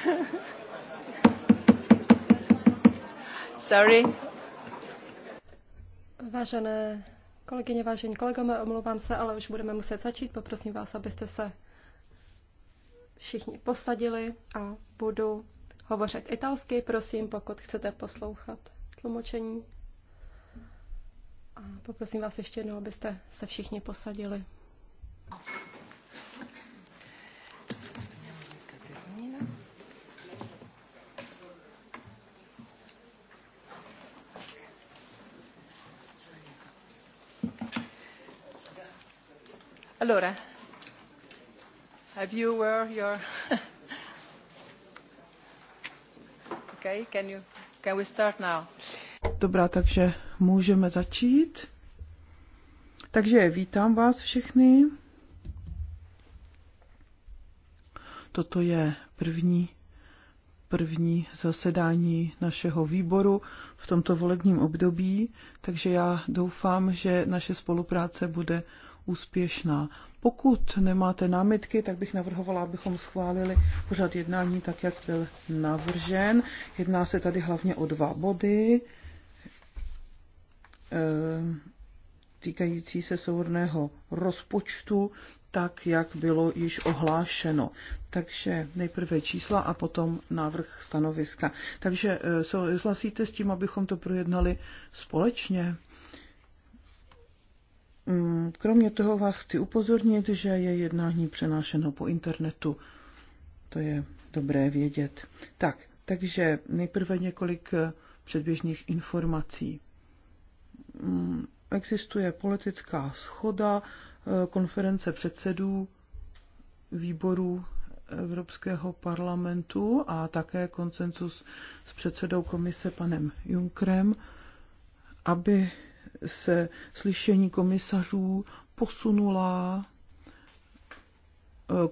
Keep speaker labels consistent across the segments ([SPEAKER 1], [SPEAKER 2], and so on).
[SPEAKER 1] Sorry. Vážené kolegyně, vážení kolegové, omlouvám se, ale už budeme muset začít. Poprosím vás, abyste se všichni posadili a budu hovořit italsky. Prosím, pokud chcete poslouchat tlumočení. A poprosím vás ještě jednou, abyste se všichni posadili.
[SPEAKER 2] Dobrá,
[SPEAKER 3] takže můžeme začít. Takže vítám vás všechny. Toto je první první zasedání našeho výboru v tomto volebním období, takže já doufám, že naše spolupráce bude úspěšná. Pokud nemáte námitky, tak bych navrhovala, abychom schválili pořad jednání tak, jak byl navržen. Jedná se tady hlavně o dva body eh, týkající se souhrného rozpočtu, tak, jak bylo již ohlášeno. Takže nejprve čísla a potom návrh stanoviska. Takže eh, souhlasíte s tím, abychom to projednali společně? Mm, kromě toho vás chci upozornit, že je jednání přenášeno po internetu. To je dobré vědět. Tak, takže nejprve několik eh, předběžných informací. Mm, existuje politická schoda eh, konference předsedů výborů Evropského parlamentu a také koncensus s předsedou komise panem Junkrem, aby se slyšení komisařů posunula.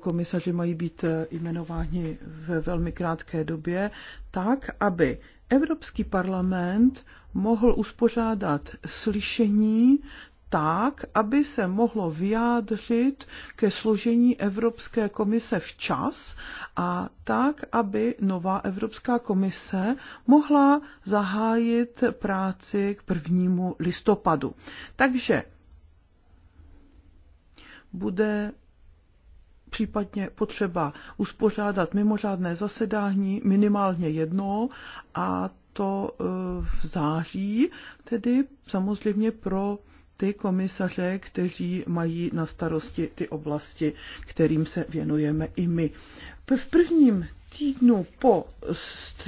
[SPEAKER 3] Komisaři mají být jmenováni ve velmi krátké době, tak, aby Evropský parlament mohl uspořádat slyšení tak, aby se mohlo vyjádřit ke složení Evropské komise včas a tak, aby nová Evropská komise mohla zahájit práci k prvnímu listopadu. Takže bude případně potřeba uspořádat mimořádné zasedání minimálně jedno a to eh, v září, tedy samozřejmě pro ty komisaře, kteří mají na starosti ty oblasti, kterým se věnujeme i my. V prvním týdnu po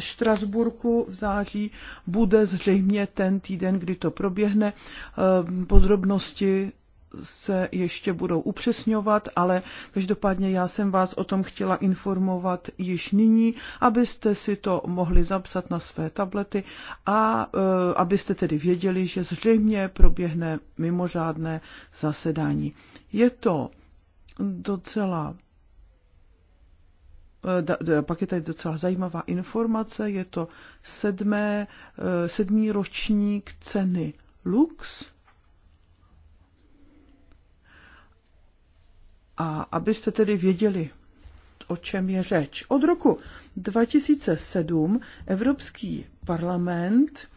[SPEAKER 3] Štrasburku v září bude zřejmě ten týden, kdy to proběhne. Eh, podrobnosti se ještě budou upřesňovat, ale každopádně já jsem vás o tom chtěla informovat již nyní, abyste si to mohli zapsat na své tablety a e, abyste tedy věděli, že zřejmě proběhne mimořádné zasedání. Je to docela eh, pak je tady docela zajímavá informace, je to sedmé, eh, sedmý ročník ceny Lux, a abyste tedy věděli, o čem je řeč. Od roku 2007 Evropský parlament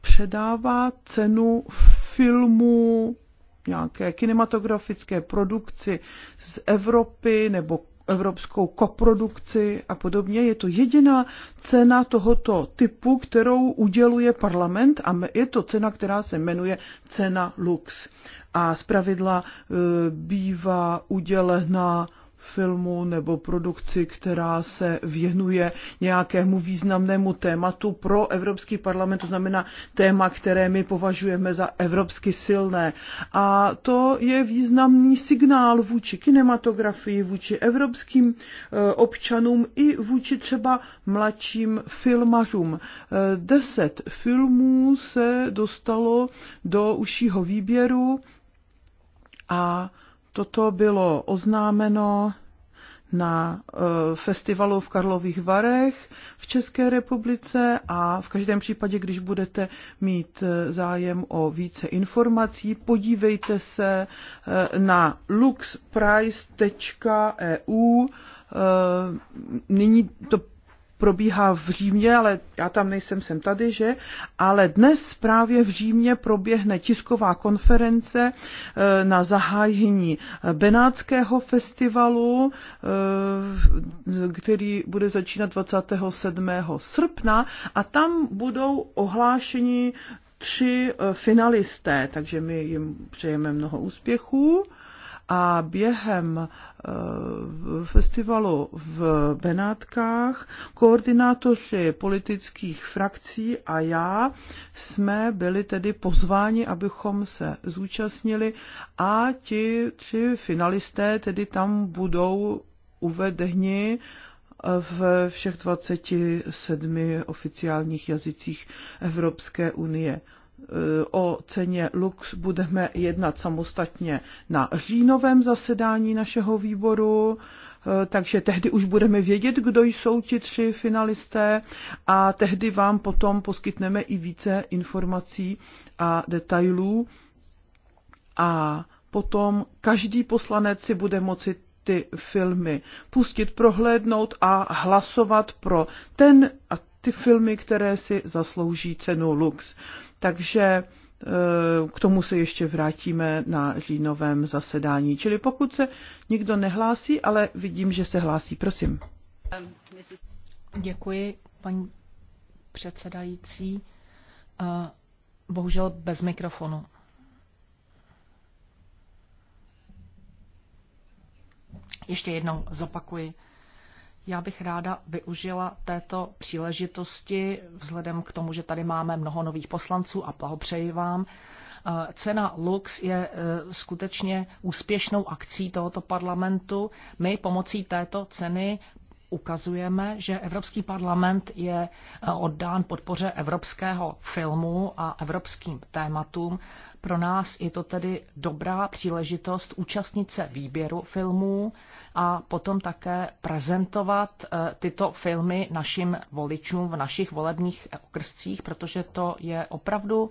[SPEAKER 3] předává cenu filmu nějaké kinematografické produkci z Evropy nebo evropskou koprodukci a podobně. Je to jediná cena tohoto typu, kterou uděluje parlament a je to cena, která se jmenuje cena Lux. A zpravidla e, bývá udělena filmu nebo produkci, která se věnuje nějakému významnému tématu pro Evropský parlament, to znamená téma, které my považujeme za evropsky silné. A to je významný signál vůči kinematografii, vůči evropským e, občanům i vůči třeba mladším filmařům. E, deset filmů se dostalo do užšího výběru a Toto bylo oznámeno na eh, festivalu v Karlových Varech v České republice a v každém případě, když budete mít eh, zájem o více informací, podívejte se eh, na luxprice.eu. E nyní to probíhá v Římě, ale já tam nejsem, jsem tady, že? Ale dnes právě v Římě proběhne tisková konference eh, na zahájení eh, Benátského festivalu, eh, který bude začínat 27. srpna a tam budou ohlášeni tři finalisté, takže my jim přejeme mnoho úspěchů a během eh, festivalu v Benátkách koordinátoři politických frakcí a já jsme byli tedy pozváni, abychom se zúčastnili a ti tři finalisté tedy tam budou uvedeni eh, v všech 27 oficiálních jazycích Evropské unie o ceně Lux budeme jednat samostatně na říjnovém zasedání našeho výboru, eh, takže tehdy už budeme vědět, kdo jsou ti tři finalisté a tehdy vám potom poskytneme i více informací a detailů a potom každý poslanec si bude moci ty filmy pustit, prohlédnout a hlasovat pro ten a ty filmy, které si zaslouží cenu Lux. Takže e, k tomu se ještě vrátíme na říjnovém zasedání. Čili pokud se nikdo nehlásí, ale vidím, že se hlásí, prosím.
[SPEAKER 2] Děkuji, paní předsedající. E, bohužel bez mikrofonu. Ještě jednou zopakuji já bych ráda využila této příležitosti, vzhledem k tomu, že tady máme mnoho nových poslanců a blahopřeji vám. Eh, cena Lux je eh, skutečně úspěšnou akcí tohoto parlamentu. My pomocí této ceny ukazujeme, že Evropský parlament je eh, oddán podpoře evropského filmu a evropským tématům. Pro nás je to tedy dobrá příležitost účastnit se výběru filmů a potom také prezentovat eh, tyto filmy našim voličům v našich volebních eh, okrscích, protože to je opravdu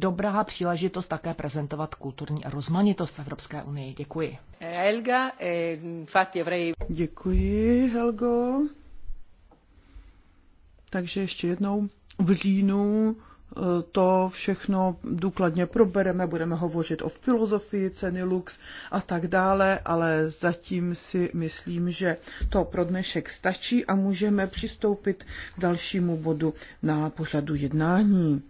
[SPEAKER 2] dobrá příležitost také prezentovat kulturní rozmanitost v Evropské unii. Děkuji. Helga, eh, infatti avrei...
[SPEAKER 3] Děkuji, Helgo. Takže ještě jednou v říjnu eh, to všechno důkladně probereme, budeme hovořit o filozofii ceny lux a tak dále, ale zatím si myslím, že to pro dnešek stačí a můžeme přistoupit k dalšímu bodu na pořadu jednání.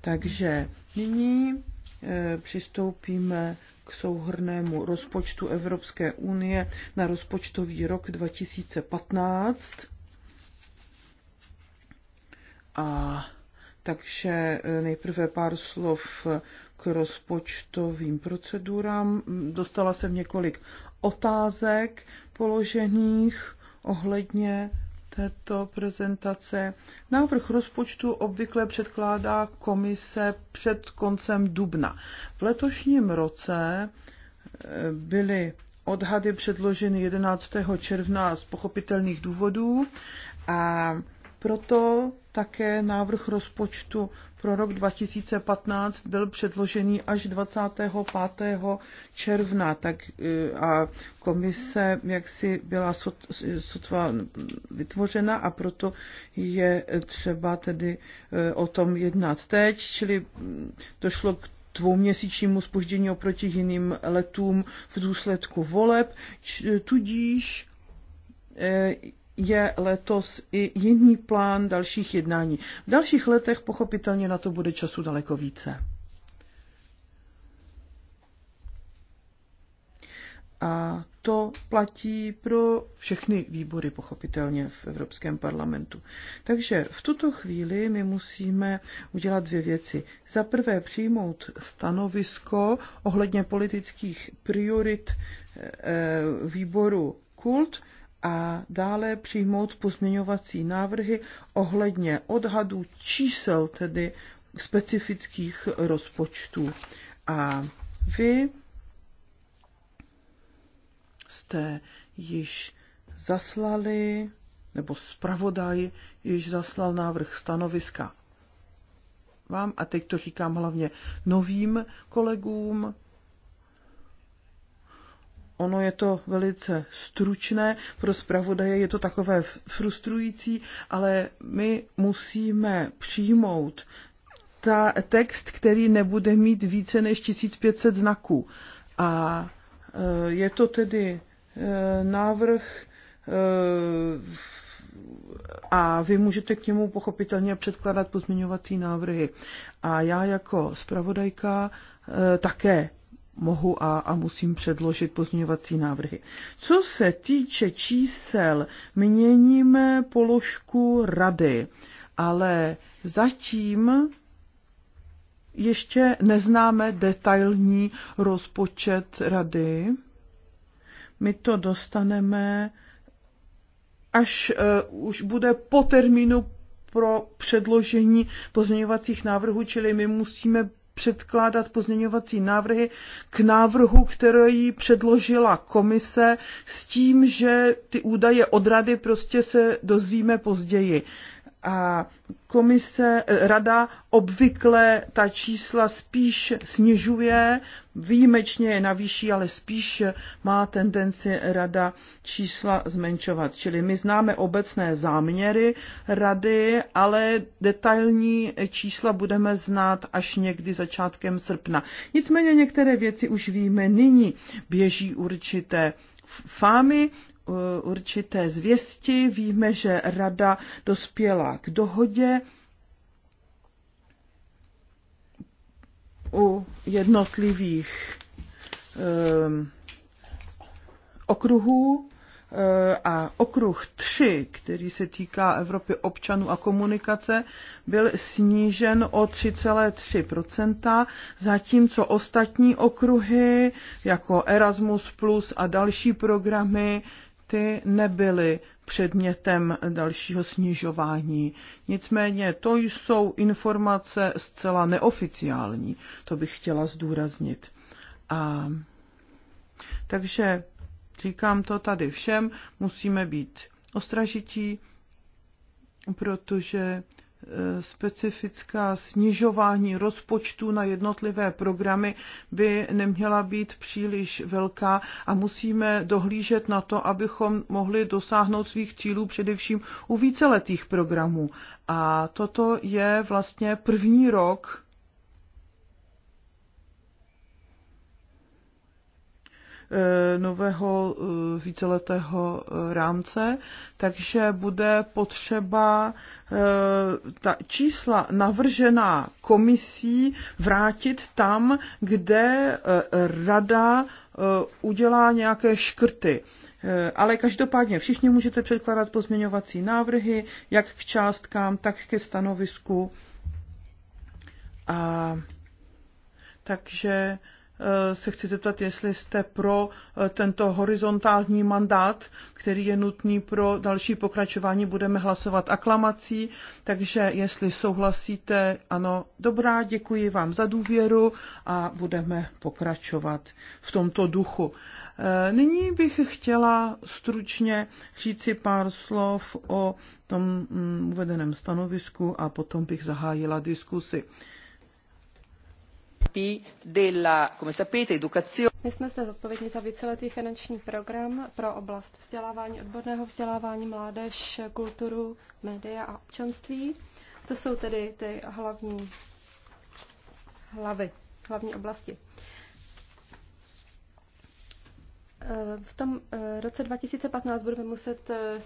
[SPEAKER 3] Takže Nyní eh, přistoupíme k souhrnému rozpočtu Evropské unie na rozpočtový rok 2015. A takže eh, nejprve pár slov k rozpočtovým procedurám. Dostala jsem několik otázek položených ohledně této prezentace. Návrh rozpočtu obvykle předkládá komise před koncem dubna. V letošním roce eh, byly odhady předloženy 11. června z pochopitelných důvodů a proto také návrh rozpočtu pro rok 2015 byl předložený až 25. června tak, e, a komise jaksi byla sotva vytvořena a proto je třeba tedy e, o tom jednat teď, čili mm, došlo k dvouměsíčnímu spoždění oproti jiným letům v důsledku voleb, tudíž e, je letos i jiný plán dalších jednání. V dalších letech pochopitelně na to bude času daleko více. A to platí pro všechny výbory, pochopitelně, v Evropském parlamentu. Takže v tuto chvíli my musíme udělat dvě věci. Za prvé přijmout stanovisko ohledně politických priorit eh, eh, výboru kult a dále přijmout pozměňovací návrhy ohledně odhadu čísel, tedy specifických rozpočtů. A vy jste již zaslali, nebo zpravodaj již zaslal návrh stanoviska vám, a teď to říkám hlavně novým kolegům, ono je to velice stručné, pro zpravodaje je to takové frustrující, ale my musíme přijmout ta, text, který nebude mít více než 1500 znaků. A e, je to tedy e, návrh e, a vy můžete k němu pochopitelně předkládat pozměňovací návrhy. A já jako zpravodajka také mohu a, a musím předložit pozměňovací návrhy. Co se týče čísel, měníme položku rady, ale zatím ještě neznáme detailní rozpočet rady. My to dostaneme, až uh, už bude po termínu pro předložení pozměňovacích návrhů, čili my musíme předkládat pozměňovací návrhy k návrhu, který předložila komise s tím, že ty údaje od rady prostě se dozvíme později a komise, eh, rada obvykle ta čísla spíš snižuje, výjimečně je navýší, ale spíš má tendenci rada čísla zmenšovat. Čili my známe obecné záměry rady, ale detailní čísla budeme znát až někdy začátkem srpna. Nicméně některé věci už víme nyní. Běží určité fámy určité zvěsti. Víme, že rada dospěla k dohodě u jednotlivých ehm, okruhů eh, a okruh 3, který se týká Evropy občanů a komunikace, byl snížen o 3,3%, zatímco ostatní okruhy, jako Erasmus Plus a další programy, ty nebyly předmětem dalšího snižování. Nicméně to jsou informace zcela neoficiální, to bych chtěla zdůraznit. A, takže říkám to tady všem, musíme být ostražití, protože specifická snižování rozpočtu na jednotlivé programy by neměla být příliš velká a musíme dohlížet na to, abychom mohli dosáhnout svých cílů především u víceletých programů. A toto je vlastně první rok, Eh, nového eh, víceletého eh, rámce, takže bude potřeba ta čísla navržená komisí vrátit tam, kde rada udělá nějaké škrty. Ale každopádně všichni můžete předkládat pozměňovací návrhy, jak k částkám, tak ke stanovisku. A takže Eh, se chci zeptat, jestli jste pro eh, tento horizontální mandát, který je nutný pro další pokračování. Budeme hlasovat aklamací, takže jestli souhlasíte, ano, dobrá, děkuji vám za důvěru a budeme pokračovat v tomto duchu. Eh, nyní bych chtěla stručně říci pár slov o tom mm, uvedeném stanovisku a potom bych zahájila diskusi.
[SPEAKER 1] My jsme zde zodpovědní za víceletý finanční program pro oblast vzdělávání, odborného vzdělávání, mládež, kulturu, média a občanství. To jsou tedy ty hlavní hlavy, hlavní oblasti. Eh, v tom eh, roce 2015 budeme muset eh,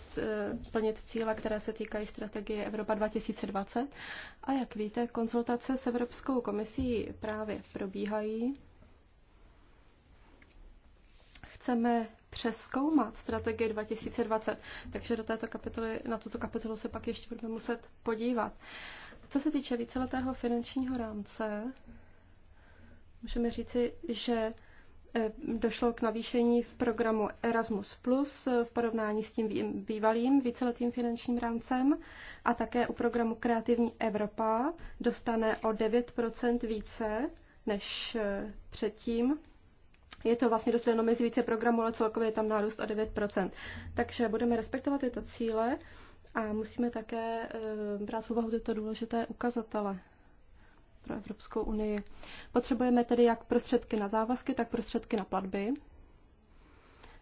[SPEAKER 1] splnit cíle, které se týkají strategie Evropa 2020. A jak víte, konzultace s Evropskou komisí právě probíhají. Chceme přeskoumat strategii 2020, takže do této kapitoly, na tuto kapitolu se pak ještě budeme muset podívat. Co se týče víceletého finančního rámce, můžeme říci, že Eh, došlo k navýšení v programu Erasmus Plus eh, v porovnání s tím bývalým víceletým finančním rámcem a také u programu Kreativní Evropa dostane o 9% více než eh, předtím. Je to vlastně dost mezi více programů, ale celkově je tam nárůst o 9%. Takže budeme respektovat tyto cíle a musíme také brát v úvahu tyto důležité ukazatele pro Evropskou unii. Potřebujeme tedy jak prostředky na závazky, tak prostředky na platby,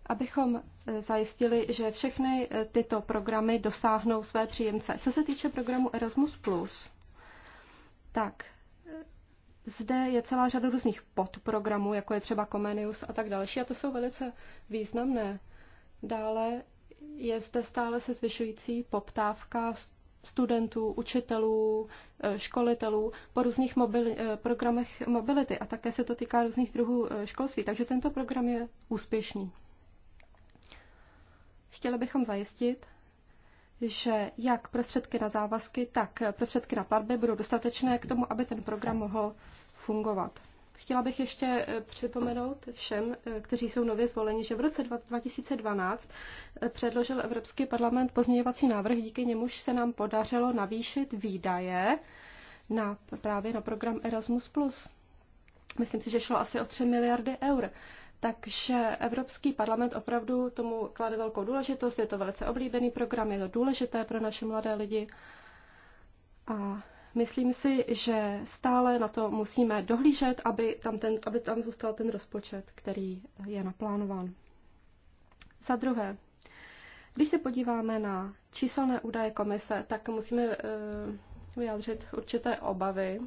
[SPEAKER 1] abychom eh, zajistili, že všechny eh, tyto programy dosáhnou své příjemce. Co se týče programu Erasmus+, tak eh, zde je celá řada různých podprogramů, jako je třeba Comenius a tak další, a to jsou velice významné. Dále je zde stále se zvyšující poptávka studentů, učitelů, eh, školitelů po různých mobili, eh, programech mobility a také se to týká různých druhů eh, školství. Takže tento program je úspěšný. Chtěli bychom zajistit, že jak prostředky na závazky, tak prostředky na platby budou dostatečné k tomu, aby ten program mohl fungovat. Chtěla bych ještě eh, připomenout všem, eh, kteří jsou nově zvoleni, že v roce 2012 eh, předložil Evropský parlament pozměňovací návrh, díky němuž se nám podařilo navýšit výdaje na, právě na program Erasmus+. Myslím si, že šlo asi o 3 miliardy eur. Takže Evropský parlament opravdu tomu klade velkou důležitost, je to velice oblíbený program, je to důležité pro naše mladé lidi. A Myslím si, že stále na to musíme dohlížet, aby tam, ten, aby tam zůstal ten rozpočet, který je naplánován. Za druhé, když se podíváme na číselné údaje komise, tak musíme uh, vyjádřit určité obavy,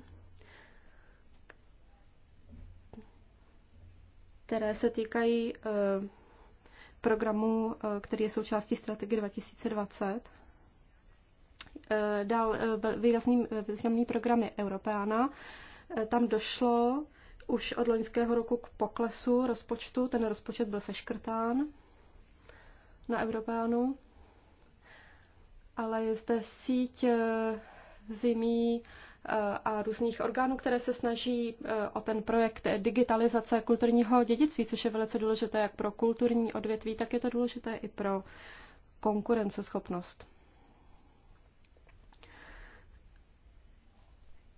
[SPEAKER 1] které se týkají uh, programu, uh, který je součástí strategie 2020. Eh, dal eh, výrazný, eh, významný program je Europeana. Tam došlo už od loňského roku k poklesu rozpočtu. Ten rozpočet byl seškrtán na Europeanu. Ale je zde síť zimí a různých orgánů, které se snaží o ten projekt digitalizace kulturního dědictví, což je velice důležité jak pro kulturní odvětví, tak je to důležité i pro konkurenceschopnost.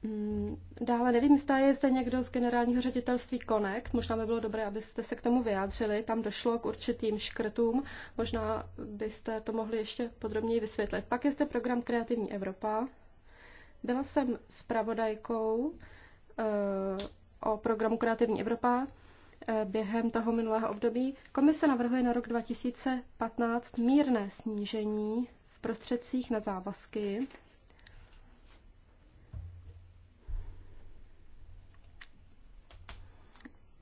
[SPEAKER 1] Mm, dále nevím, jestli je zde někdo z generálního ředitelství Connect. Možná by bylo dobré, abyste se k tomu vyjádřili. Tam došlo k určitým škrtům. Možná byste to mohli ještě podrobněji vysvětlit. Pak je zde program Kreativní Evropa. Byla jsem zpravodajkou uh, o programu Kreativní Evropa eh, během toho minulého období. Komise navrhuje na rok 2015 mírné snížení v prostředcích na závazky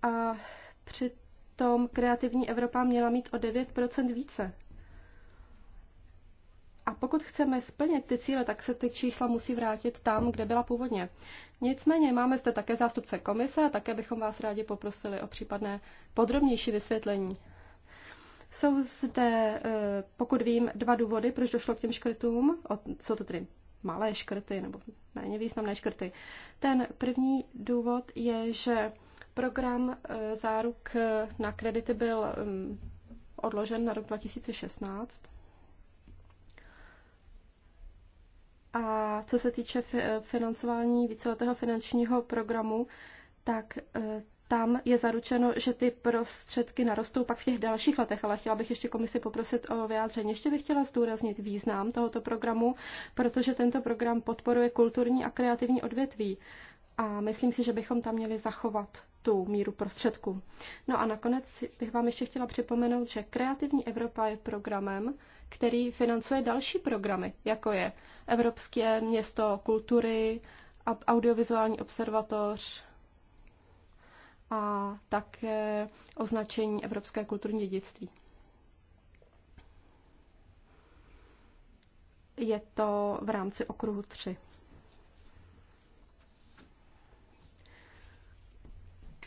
[SPEAKER 1] a přitom kreativní Evropa měla mít o 9% více. A pokud chceme splnit ty cíle, tak se ty čísla musí vrátit tam, kde byla původně. Nicméně máme zde také zástupce komise a také bychom vás rádi poprosili o případné podrobnější vysvětlení. Jsou zde, e, pokud vím, dva důvody, proč došlo k těm škrtům. Jsou to tedy malé škrty nebo méně významné škrty. Ten první důvod je, že Program eh, záruk eh, na kredity byl mm, odložen na rok 2016. A co se týče eh, financování víceletého finančního programu, tak tam je zaručeno, že ty prostředky narostou pak v těch dalších letech, ale chtěla bych ještě komisi poprosit o vyjádření. Ještě bych chtěla zdůraznit význam tohoto programu, protože tento program podporuje kulturní a kreativní odvětví a myslím si, že bychom tam měli zachovat tu míru prostředků. No a nakonec bych vám ještě chtěla připomenout, že Kreativní Evropa je programem, který financuje další programy, jako je Evropské město kultury, audiovizuální observatoř a také označení Evropské kulturní dědictví. Je to v rámci okruhu 3.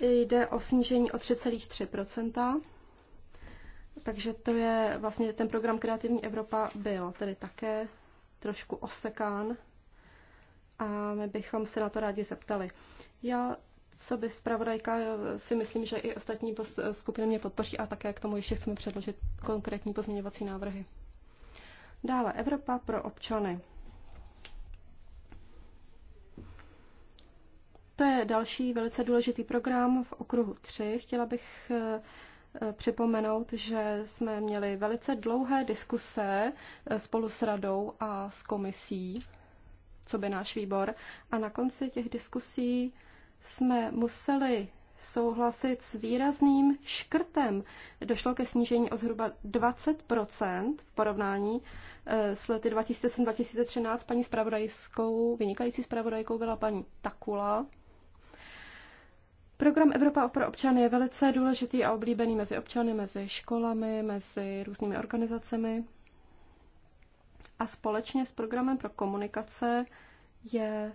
[SPEAKER 1] jde o snížení o 3,3 takže to je vlastně ten program Kreativní Evropa byl tedy také trošku osekán a my bychom se na to rádi zeptali. Já co by zpravodajka, si myslím, že i ostatní skupiny mě podpoří a také k tomu ještě chceme předložit konkrétní pozměňovací návrhy. Dále Evropa pro občany. To je další velice důležitý program v okruhu 3. Chtěla bych eh, eh, připomenout, že jsme měli velice dlouhé diskuse eh, spolu s radou a s komisí, co by náš výbor. A na konci těch diskusí jsme museli souhlasit s výrazným škrtem. Došlo ke snížení o zhruba 20 v porovnání s lety 2007-2013. Paní spravodajskou, vynikající spravodajkou byla paní Takula, Program Evropa pro občany je velice důležitý a oblíbený mezi občany, mezi školami, mezi různými organizacemi. A společně s programem pro komunikace je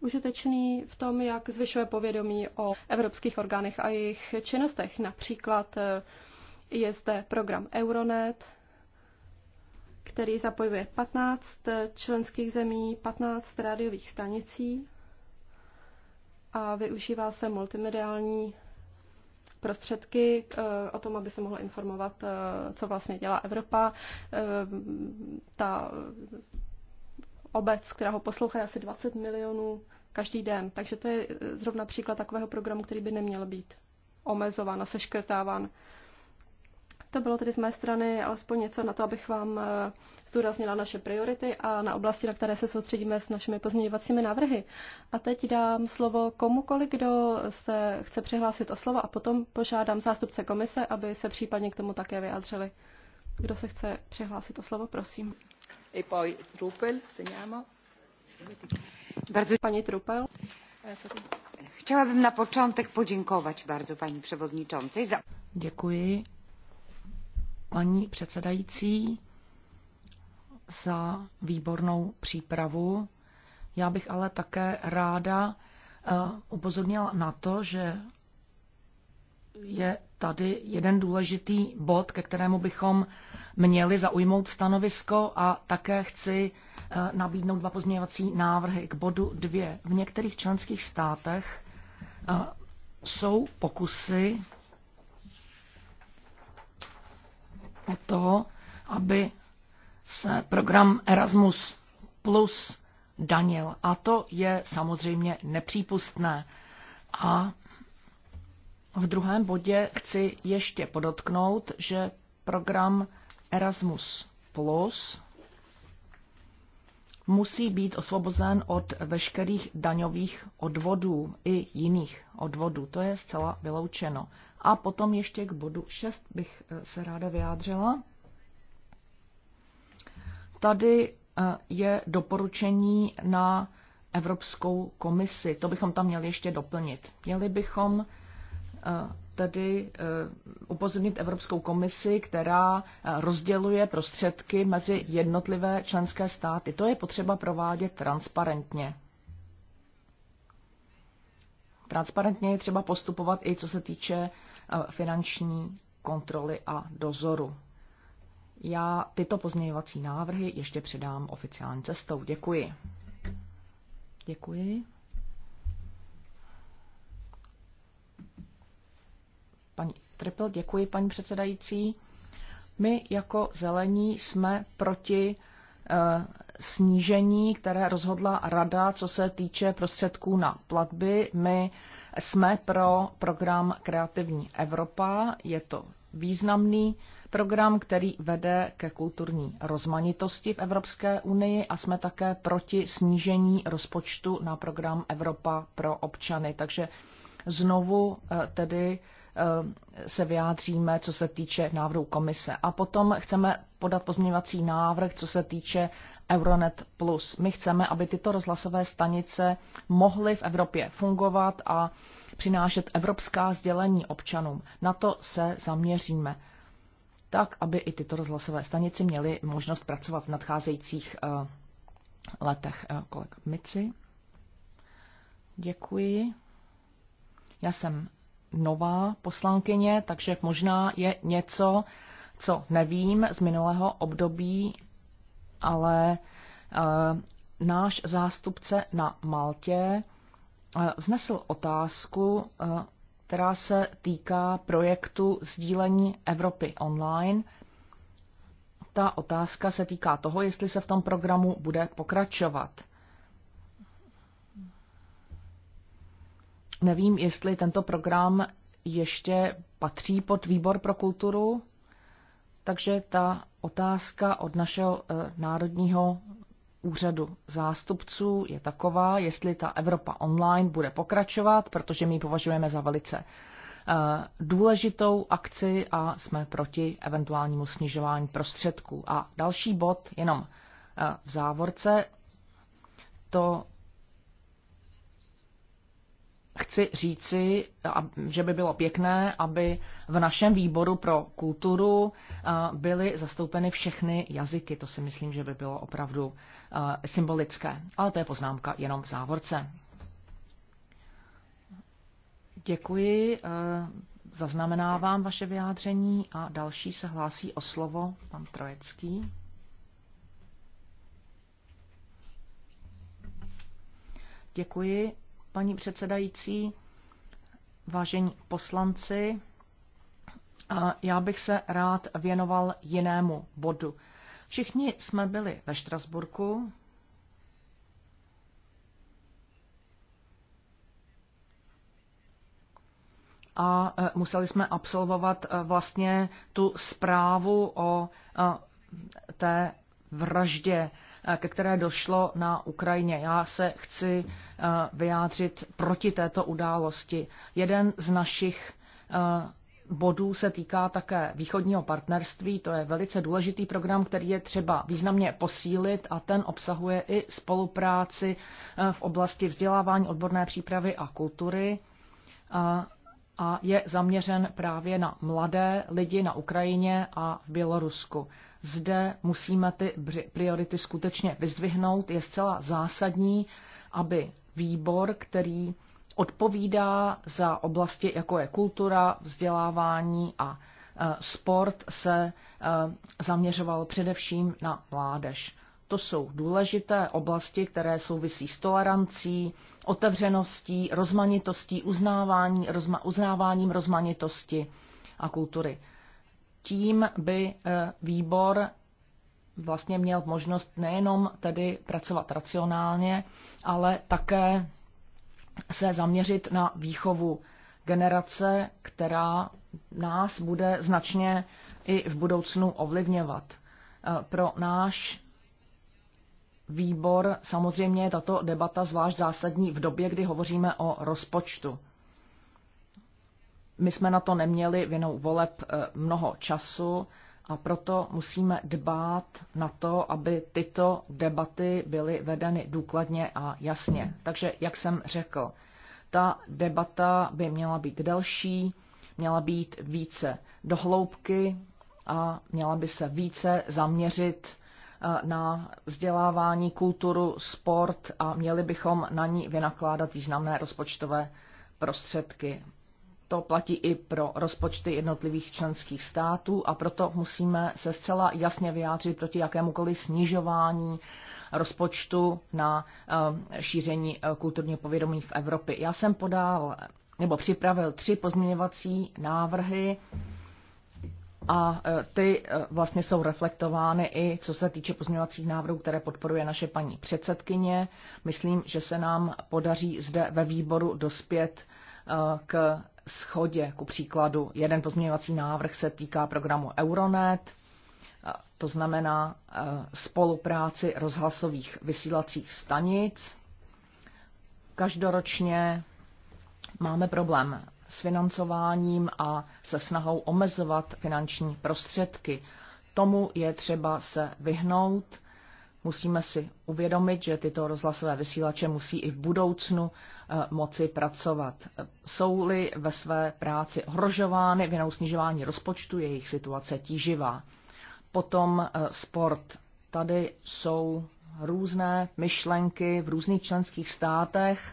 [SPEAKER 1] užitečný v tom, jak zvyšuje povědomí o evropských orgánech a jejich činnostech. Například eh, je zde program Euronet, který zapojuje 15 eh, členských zemí, 15 rádiových stanicí a využívá se multimediální prostředky eh, o tom, aby se mohlo informovat, eh, co vlastně dělá Evropa. Eh, ta obec, která ho poslouchá, je asi 20 milionů každý den. Takže to je zrovna příklad takového programu, který by neměl být omezován a seškrtáván. To bylo tedy z mé strany alespoň něco na to, abych vám eh, zdůraznila naše priority a na oblasti, na které se soustředíme s našimi pozměňovacími návrhy. A teď dám slovo komukoli, kdo se chce přihlásit o slovo a potom požádám zástupce komise, aby se případně k tomu také vyjádřili. Kdo se chce přihlásit o slovo, prosím. E pani Trupel, Chtěla bych na počátek poděkovat bardzo paní eh, przewodniczącej za...
[SPEAKER 2] Děkuji paní předsedající, za výbornou přípravu. Já bych ale také ráda eh, upozornila na to, že je tady jeden důležitý bod, ke kterému bychom měli zaujmout stanovisko a také chci eh, nabídnout dva pozměňovací návrhy k bodu dvě. V některých členských státech eh, jsou pokusy od toho, aby se program Erasmus Plus danil. A to je samozřejmě nepřípustné. A v druhém bodě chci ještě podotknout, že program Erasmus Plus musí být osvobozen od veškerých daňových odvodů i jiných odvodů. To je zcela vyloučeno. A potom ještě k bodu 6 bych eh, se ráda vyjádřila. Tady eh, je doporučení na Evropskou komisi. To bychom tam měli ještě doplnit. Měli bychom eh, tedy eh, upozornit Evropskou komisi, která eh, rozděluje prostředky mezi jednotlivé členské státy. To je potřeba provádět transparentně. Transparentně je třeba postupovat i co se týče eh, finanční kontroly a dozoru. Já tyto pozměňovací návrhy ještě předám oficiální cestou. Děkuji. Děkuji. Paní Triple, děkuji, paní předsedající. My jako zelení jsme proti eh, snížení, které rozhodla rada, co se týče prostředků na platby. My jsme pro program Kreativní Evropa. Je to významný program, který vede ke kulturní rozmanitosti v Evropské unii a jsme také proti snížení rozpočtu na program Evropa pro občany. Takže znovu eh, tedy Eh, se vyjádříme, co se týče návrhu komise. A potom chceme podat pozměňovací návrh, co se týče Euronet+. Plus. My chceme, aby tyto rozhlasové stanice mohly v Evropě fungovat a přinášet evropská sdělení občanům. Na to se zaměříme tak, aby i tyto rozhlasové stanice měly možnost pracovat v nadcházejících eh, letech. Eh, kolega Mici. Děkuji. Já jsem nová poslankyně, takže možná je něco, co nevím z minulého období, ale uh, náš zástupce na Maltě uh, vznesl otázku, uh, která se týká projektu sdílení Evropy online. Ta otázka se týká toho, jestli se v tom programu bude pokračovat. Nevím, jestli tento program ještě patří pod výbor pro kulturu, takže ta otázka od našeho eh, národního úřadu zástupců je taková, jestli ta Evropa online bude pokračovat, protože my ji považujeme za velice eh, důležitou akci a jsme proti eventuálnímu snižování prostředků. A další bod, jenom eh, v závorce, to chci říci, že by bylo pěkné, aby v našem výboru pro kulturu byly zastoupeny všechny jazyky. To si myslím, že by bylo opravdu symbolické. Ale to je poznámka jenom v závorce. Děkuji, zaznamenávám vaše vyjádření a další se hlásí o slovo pan Trojecký. Děkuji paní předsedající, vážení poslanci, já bych se rád věnoval jinému bodu. Všichni jsme byli ve Štrasburku. A e, museli jsme absolvovat e, vlastně tu zprávu o e, té vraždě Eh, ke které došlo na Ukrajině. Já se chci eh, vyjádřit proti této události. Jeden z našich eh, bodů se týká také východního partnerství. To je velice důležitý program, který je třeba významně posílit a ten obsahuje i spolupráci v oblasti vzdělávání, odborné přípravy a kultury a je zaměřen právě na mladé lidi na Ukrajině a v Bělorusku. Zde musíme ty priority skutečně vyzdvihnout. Je zcela zásadní, aby výbor, který odpovídá za oblasti, jako je kultura, vzdělávání a e, sport, se e, zaměřoval především na mládež. To jsou důležité oblasti, které souvisí s tolerancí, otevřeností, rozmanitostí, uznávání, rozma, uznáváním rozmanitosti a kultury. Tím by eh, výbor vlastně měl možnost nejenom tedy pracovat racionálně, ale také se zaměřit na výchovu generace, která nás bude značně i v budoucnu ovlivňovat. Eh, pro náš výbor, samozřejmě je tato debata zvlášť zásadní v době, kdy hovoříme o rozpočtu. My jsme na to neměli vinou voleb eh, mnoho času a proto musíme dbát na to, aby tyto debaty byly vedeny důkladně a jasně. Takže, jak jsem řekl, ta debata by měla být delší, měla být více dohloubky a měla by se více zaměřit na vzdělávání, kulturu, sport a měli bychom na ní vynakládat významné rozpočtové prostředky. To platí i pro rozpočty jednotlivých členských států a proto musíme se zcela jasně vyjádřit proti jakémukoliv snižování rozpočtu na eh, šíření eh, kulturního povědomí v Evropě. Já jsem podal nebo připravil tři pozměňovací návrhy a e, ty e, vlastně jsou reflektovány i co se týče pozměňovacích návrhů, které podporuje naše paní předsedkyně. Myslím, že se nám podaří zde ve výboru dospět e, k schodě. Ku příkladu, jeden pozměňovací návrh se týká programu Euronet, to znamená spolupráci rozhlasových vysílacích stanic. Každoročně máme problém s financováním a se snahou omezovat finanční prostředky. Tomu je třeba se vyhnout. Musíme si uvědomit, že tyto rozhlasové vysílače musí i v budoucnu eh, moci pracovat. Jsou-li ve své práci ohrožovány vinou snižování rozpočtu, je jejich situace tíživá. Potom eh, sport. Tady jsou různé myšlenky v různých členských státech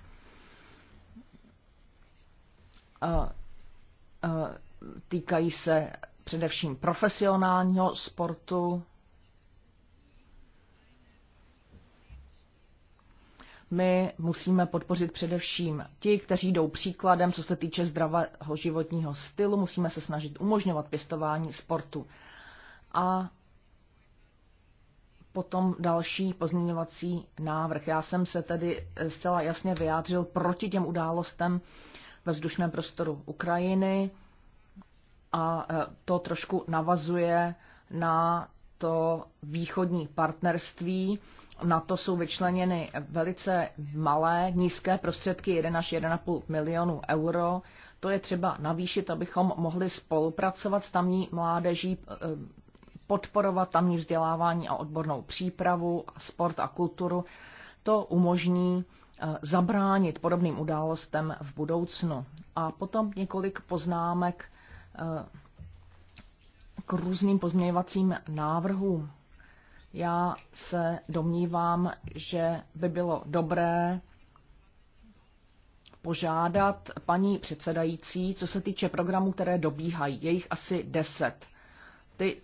[SPEAKER 2] Eh, eh, týkají se především profesionálního sportu. My musíme podpořit především ti, kteří jdou příkladem, co se týče zdravého životního stylu. Musíme se snažit umožňovat pěstování sportu. A potom další pozměňovací návrh. Já jsem se tedy zcela jasně vyjádřil proti těm událostem, ve vzdušném prostoru Ukrajiny a e, to trošku navazuje na to východní partnerství. Na to jsou vyčleněny velice malé, nízké prostředky 1 až 1,5 milionu euro. To je třeba navýšit, abychom mohli spolupracovat s tamní mládeží, e, podporovat tamní vzdělávání a odbornou přípravu, sport a kulturu. To umožní Eh, zabránit podobným událostem v budoucnu. A potom několik poznámek eh, k různým pozměňovacím návrhům. Já se domnívám, že by bylo dobré požádat paní předsedající, co se týče programů, které dobíhají. Je jich asi deset. Ty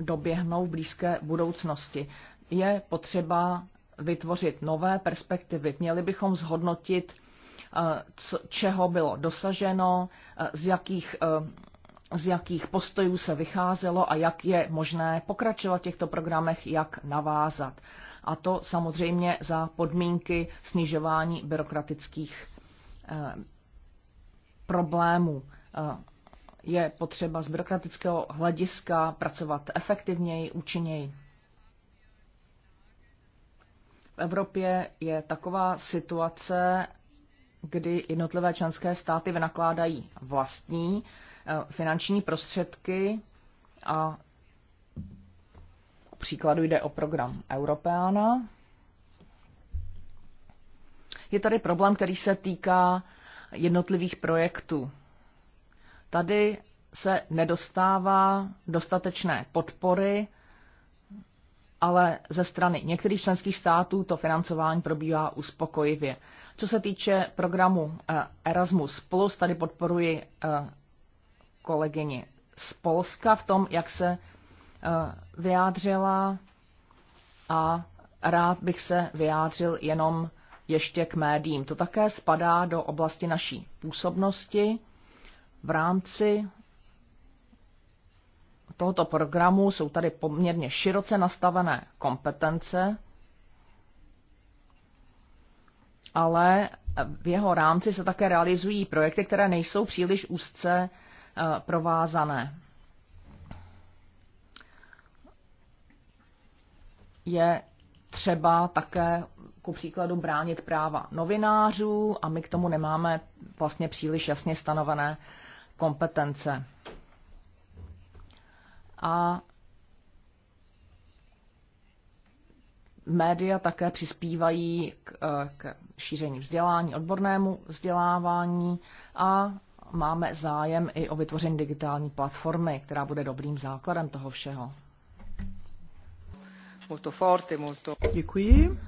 [SPEAKER 2] doběhnou v blízké budoucnosti. Je potřeba vytvořit nové perspektivy. Měli bychom zhodnotit, eh, co, čeho bylo dosaženo, eh, z jakých, eh, z jakých postojů se vycházelo a jak je možné pokračovat v těchto programech, jak navázat. A to samozřejmě za podmínky snižování byrokratických problémů. Je potřeba z byrokratického hlediska pracovat efektivněji, účinněji. V Evropě je taková situace, kdy jednotlivé členské státy vynakládají vlastní eh, finanční prostředky a k příkladu jde o program Europeana. Je tady problém, který se týká jednotlivých projektů. Tady se nedostává dostatečné podpory ale ze strany některých členských států to financování probíhá uspokojivě. Co se týče programu eh, Erasmus, tady podporuji eh, kolegyni z Polska v tom, jak se eh, vyjádřila a rád bych se vyjádřil jenom ještě k médiím. To také spadá do oblasti naší působnosti v rámci tohoto programu jsou tady poměrně široce nastavené kompetence, ale v jeho rámci se také realizují projekty, které nejsou příliš úzce eh, provázané. Je třeba také ku příkladu bránit práva novinářů a my k tomu nemáme vlastně příliš jasně stanovené kompetence a média také přispívají k, e, k šíření vzdělání, odbornému vzdělávání a máme zájem i o vytvoření digitální platformy, která bude dobrým základem toho všeho.
[SPEAKER 3] Molto forte, molto... Děkuji.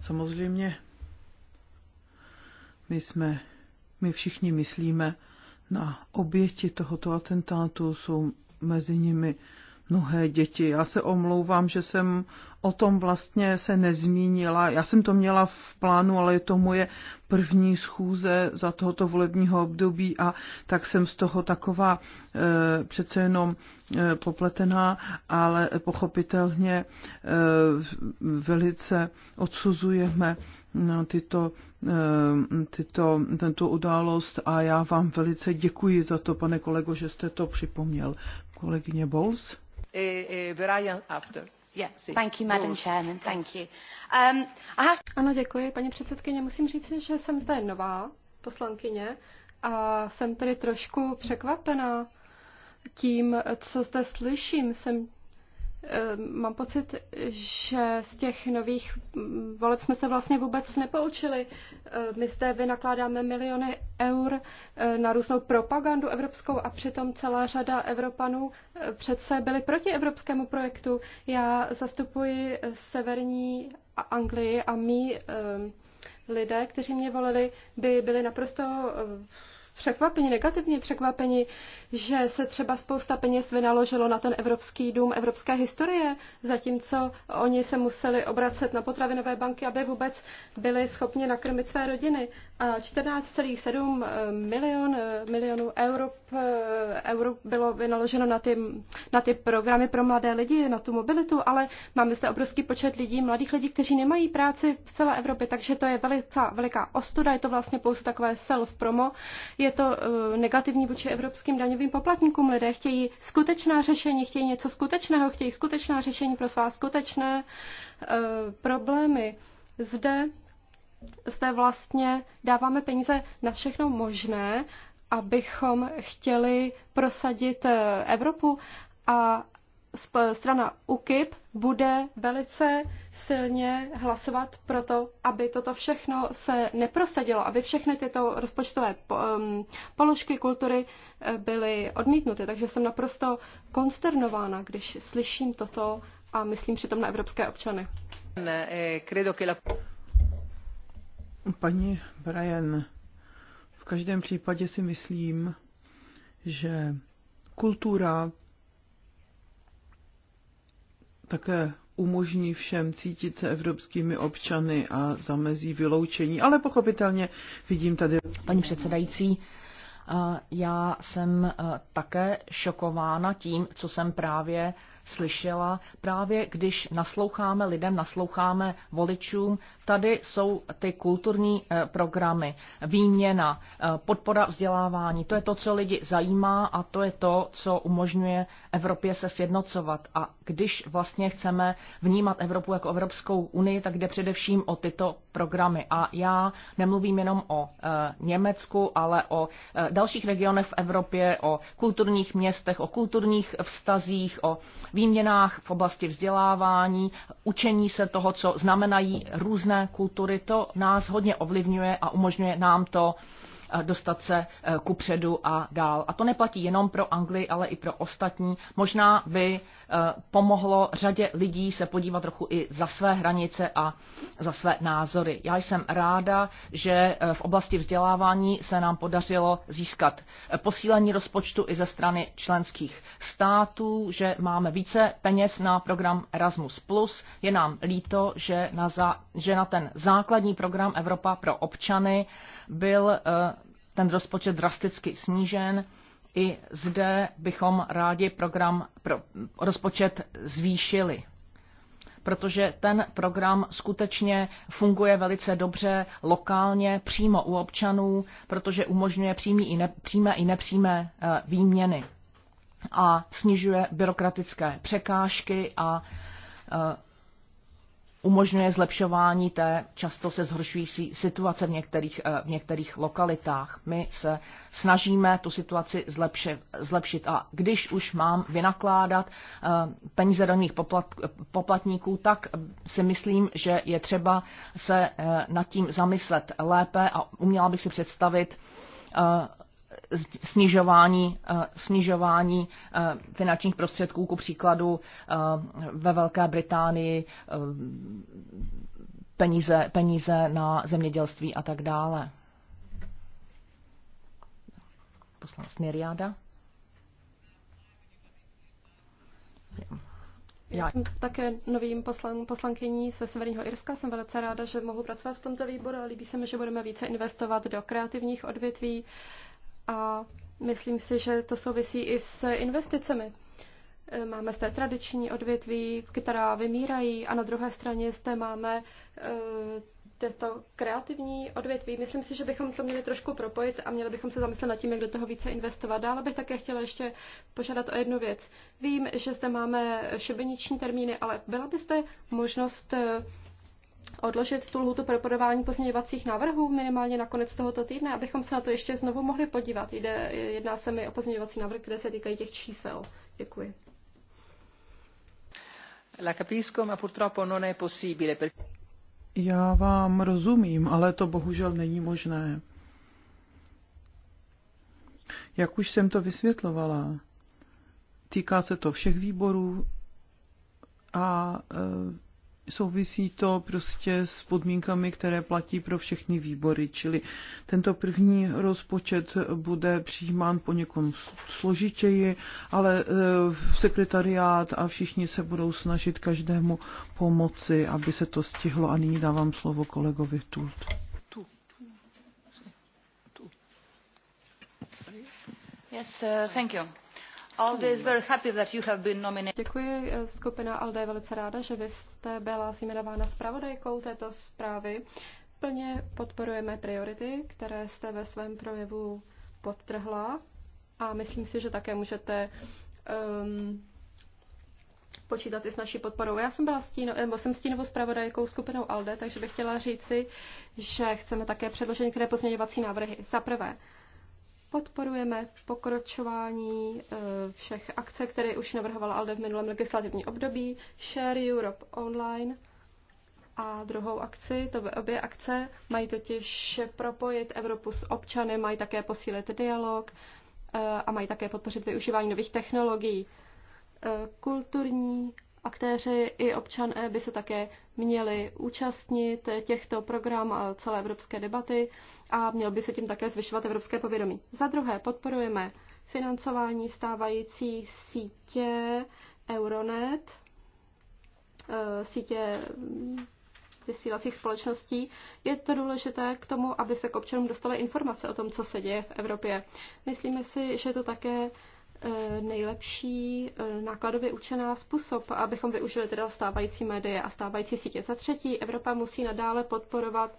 [SPEAKER 3] Samozřejmě my jsme, my všichni myslíme na oběti tohoto atentátu. Jsou mezi nimi mnohé děti. Já se omlouvám, že jsem o tom vlastně se nezmínila. Já jsem to měla v plánu, ale je to moje první schůze za tohoto volebního období a tak jsem z toho taková e, přece jenom e, popletená, ale pochopitelně e, velice odsuzujeme tyto, eh, tyto, tento událost a já vám velice děkuji za to, pane kolego, že jste to připomněl. Kolegyně Bowles?
[SPEAKER 1] Ano, děkuji, paní předsedkyně. Musím říct, že jsem zde nová poslankyně a jsem tedy trošku překvapená tím, co zde slyším. Jsem Ehm, mám pocit, že z těch nových voleb jsme se vlastně vůbec nepoučili. Ehm, my zde vynakládáme miliony eur ehm, na různou propagandu evropskou a přitom celá řada Evropanů přece byli proti evropskému projektu. Já zastupuji severní Anglii a my lidé, kteří mě volili, by byli naprosto překvapeni, negativně překvapeni, že se třeba spousta peněz vynaložilo na ten Evropský dům evropské historie, zatímco oni se museli obracet na potravinové banky, aby vůbec byli schopni nakrmit své rodiny. A 14,7 eh, milion, eh, milionů euro, eh, euro bylo vynaloženo na ty, na ty programy pro mladé lidi, na tu mobilitu, ale máme zde obrovský počet lidí, mladých lidí, kteří nemají práci v celé Evropě, takže to je velice, veliká ostuda, je to vlastně pouze takové self-promo. Je je to eh, negativní vůči evropským daňovým poplatníkům. Lidé chtějí skutečná řešení, chtějí něco skutečného, chtějí skutečná řešení pro svá skutečné eh, problémy. Zde, zde vlastně dáváme peníze na všechno možné, abychom chtěli prosadit eh, Evropu a strana UKIP bude velice silně hlasovat pro to, aby toto všechno se neprosadilo, aby všechny tyto rozpočtové um, položky kultury eh, byly odmítnuty. Takže jsem naprosto konsternována, když slyším toto a myslím přitom na evropské občany.
[SPEAKER 2] Eh,
[SPEAKER 3] Paní Brian, v každém případě si myslím, že kultura také umožní všem cítit se evropskými občany a zamezí vyloučení. Ale pochopitelně vidím tady.
[SPEAKER 2] Paní předsedající, eh, já jsem eh, také šokována tím, co jsem právě slyšela. Právě když nasloucháme lidem, nasloucháme voličům, tady jsou ty kulturní eh, programy, výměna, eh, podpora vzdělávání. To je to, co lidi zajímá a to je to, co umožňuje Evropě se sjednocovat. A když vlastně chceme vnímat Evropu jako Evropskou unii, tak jde především o tyto programy. A já nemluvím jenom o eh, Německu, ale o dalších regionech v Evropě, o kulturních městech, o kulturních vztazích, o výměnách v oblasti vzdělávání, učení se toho, co znamenají různé kultury, to nás hodně ovlivňuje a umožňuje nám to Eh, dostat se eh, ku předu a dál. A to neplatí jenom pro Anglii, ale i pro ostatní. Možná by eh, pomohlo řadě lidí se podívat trochu i za své hranice a za své názory. Já jsem ráda, že v oblasti vzdělávání se nám podařilo získat posílení rozpočtu i ze strany členských států, že máme více peněz na program Erasmus+. Je nám líto, že na, za, že na ten základní program Evropa pro občany byl eh, ten rozpočet drasticky snížen. I zde bychom rádi program pro rozpočet zvýšili protože ten program skutečně funguje velice dobře lokálně, přímo u občanů, protože umožňuje přímý i ne, přímé i nepřímé eh, výměny a snižuje byrokratické překážky a eh, umožňuje zlepšování té často se zhoršující situace v některých, eh, v některých lokalitách. My se snažíme tu situaci zlepšit, zlepšit a když už mám vynakládat eh, peníze daných poplat, poplatníků, tak si myslím, že je třeba se eh, nad tím zamyslet lépe a uměla bych si představit snižování, eh, snižování eh, finančních prostředků, ku příkladu eh, ve Velké Británii peníze, peníze na zemědělství a tak dále. Poslanec Miriáda.
[SPEAKER 4] Já jsem
[SPEAKER 1] také novým poslan, poslankyní ze Severního Irska. Jsem velice ráda, že mohu pracovat v tomto výboru a líbí se mi, že budeme více investovat do kreativních odvětví, a myslím si, že to souvisí i s investicemi. E, máme zde tradiční odvětví, která vymírají a na druhé straně zde máme e, tyto kreativní odvětví. Myslím si, že bychom to měli trošku propojit a měli bychom se zamyslet nad tím, jak do toho více investovat. Dále bych také chtěla ještě požádat o jednu věc. Vím, že zde máme šibeniční termíny, ale byla byste možnost e, odložit tu lhutu pro podávání pozměňovacích návrhů minimálně na konec tohoto týdne, abychom se na to ještě znovu mohli podívat. Jde, jedná se mi o pozměňovací návrh, které se týkají těch čísel.
[SPEAKER 2] Děkuji. La capisco, ma purtroppo non è possibile.
[SPEAKER 3] Per... Já vám rozumím, ale to bohužel není možné. Jak už jsem to vysvětlovala, týká se to všech výborů a e, souvisí to prostě s podmínkami, které platí pro všechny výbory, čili tento první rozpočet bude přijímán poněkud složitěji, ale e, sekretariát a všichni se budou snažit každému pomoci, aby se to stihlo. A nyní dávám slovo kolegovi Tult.
[SPEAKER 2] Yes, uh, thank you.
[SPEAKER 1] Děkuji, eh, skupina ALDE je velice ráda, že vy jste byla jmenována zpravodajkou této zprávy. Plně podporujeme priority, které jste ve svém projevu podtrhla a myslím si, že také můžete um, počítat i s naší podporou. Já jsem byla stíno, nebo jsem stínovou zpravodajkou skupinou ALDE, takže bych chtěla říci, že chceme také předložit některé pozměňovací návrhy. Za prvé, Podporujeme pokročování eh, všech akce, které už navrhovala ALDE v minulém legislativním období, Share Europe Online a druhou akci. To obě akce mají totiž propojit Evropu s občany, mají také posílit dialog eh, a mají také podpořit využívání nových technologií. Eh, kulturní aktéři i občané eh, by se také měli účastnit těchto program a eh, celé evropské debaty a měl by se tím také zvyšovat evropské povědomí. Za druhé, podporujeme financování stávající sítě Euronet, eh, sítě mm, vysílacích společností, je to důležité k tomu, aby se k občanům dostaly informace o tom, co se děje v Evropě. Myslíme si, že to také Eh, nejlepší eh, nákladově učená způsob, abychom využili teda stávající média a stávající sítě. Za třetí, Evropa musí nadále podporovat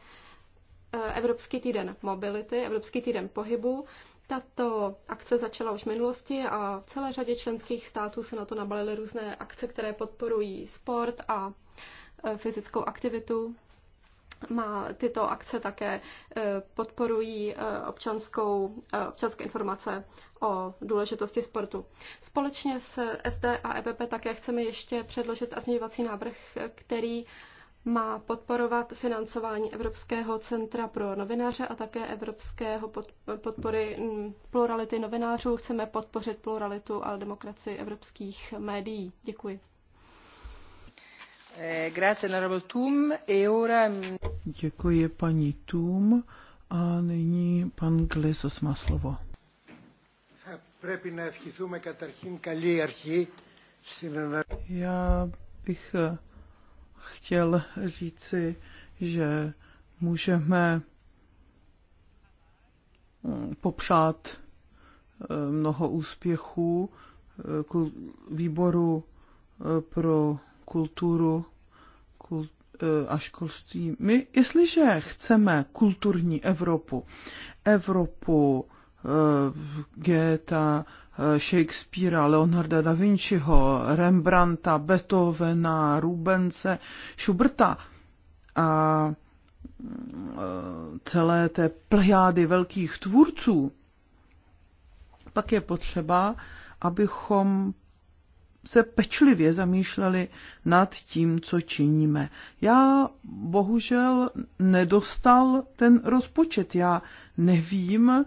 [SPEAKER 1] eh, Evropský týden mobility, Evropský týden pohybu. Tato akce začala už v minulosti a v celé řadě členských států se na to nabalily různé akce, které podporují sport a fyzickou aktivitu má tyto akce také e, podporují e, občanskou, e, občanské informace o důležitosti sportu. Společně s SD a EPP také chceme ještě předložit azměňovací návrh, který má podporovat financování Evropského centra pro novináře a také Evropského podpory plurality novinářů. Chceme podpořit pluralitu a demokracii evropských médií. Děkuji.
[SPEAKER 2] Eh,
[SPEAKER 3] e Děkuji paní Tum a nyní pan Glesos má slovo. Já bych eh, chtěl říci, že můžeme hm, popřát eh, mnoho úspěchů k výboru pro kulturu kult, eh, a školství. My, jestliže chceme kulturní Evropu, Evropu eh, Geta, eh, Shakespearea, Leonarda da Vinciho, Rembrandta, Beethovena, Rubence, Schuberta a celé té plejády velkých tvůrců, pak je potřeba, abychom se pečlivě zamýšleli nad tím, co činíme. Já bohužel nedostal ten rozpočet. Já nevím,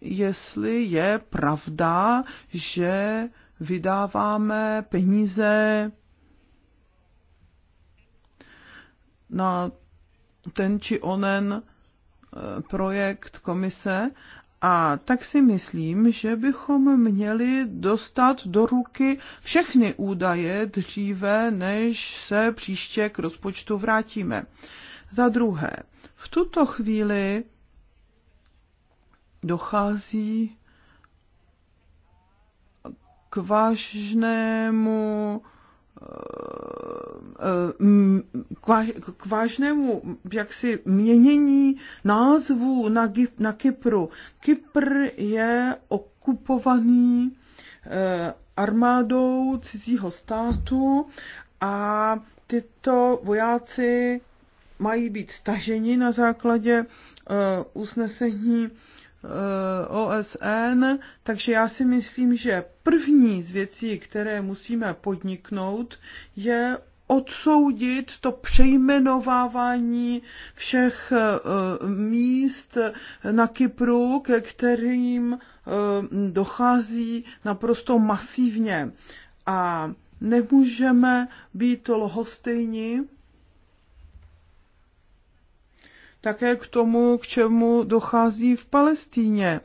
[SPEAKER 3] jestli je pravda, že vydáváme peníze na ten či onen eh, projekt komise a tak si myslím, že bychom měli dostat do ruky všechny údaje dříve, než se příště k rozpočtu vrátíme. Za druhé, v tuto chvíli dochází k vážnému Eh, eh, eh, k vážnému jaksi měnění názvu na, na Kypru. Kypr je okupovaný armádou cizího státu a tyto vojáci mají být staženi na základě usnesení Eh, OSN, takže já si myslím, že první z věcí, které musíme podniknout, je odsoudit to přejmenovávání všech eh, míst na Kypru, ke kterým eh, dochází naprosto masivně. A nemůžeme být lhostejní také k tomu, k čemu dochází v Palestíně,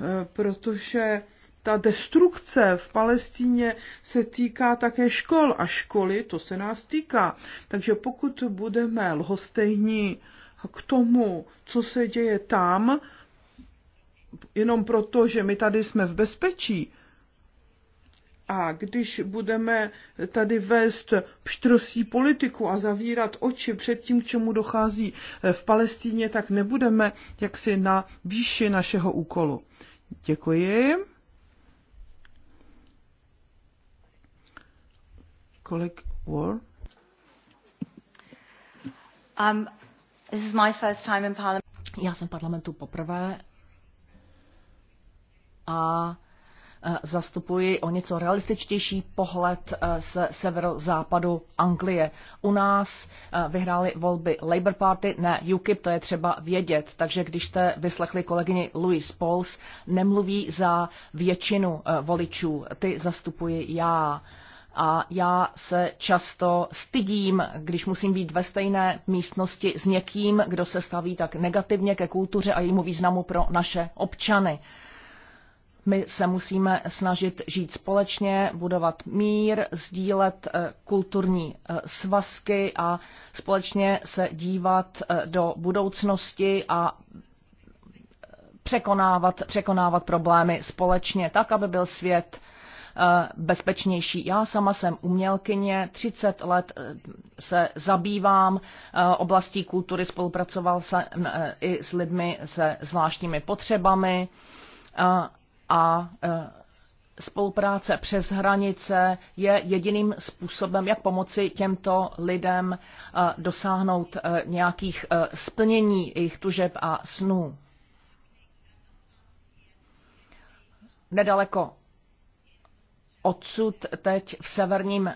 [SPEAKER 3] eh, protože ta destrukce v Palestíně se týká také škol a školy, to se nás týká. Takže pokud budeme lhostejní k tomu, co se děje tam, jenom proto, že my tady jsme v bezpečí, a když budeme tady vést pštrosí politiku a zavírat oči před tím, k čemu dochází eh, v Palestíně, tak nebudeme jaksi na výši našeho úkolu. Děkuji. Kolik War?
[SPEAKER 4] Um, this is my first time in parliament.
[SPEAKER 2] Já jsem parlamentu poprvé a zastupuji o něco realističtější pohled z e, severozápadu Anglie. U nás e, vyhrály volby Labour Party, ne UKIP, to je třeba vědět. Takže když jste vyslechli kolegyni Louise Pauls, nemluví za většinu e, voličů, ty zastupuji já a já se často stydím, když musím být ve stejné místnosti s někým, kdo se staví tak negativně ke kultuře a jejímu významu pro naše občany. My se musíme snažit žít společně, budovat mír, sdílet eh, kulturní eh, svazky a společně se dívat eh, do budoucnosti a překonávat, překonávat problémy společně, tak, aby byl svět bezpečnější. Já sama jsem umělkyně, 30 let se zabývám oblastí kultury, spolupracoval jsem i s lidmi se zvláštními potřebami a e, spolupráce přes hranice je jediným způsobem, jak pomoci těmto lidem e, dosáhnout e, nějakých splnění jejich tužeb a snů. Nedaleko odsud teď v severním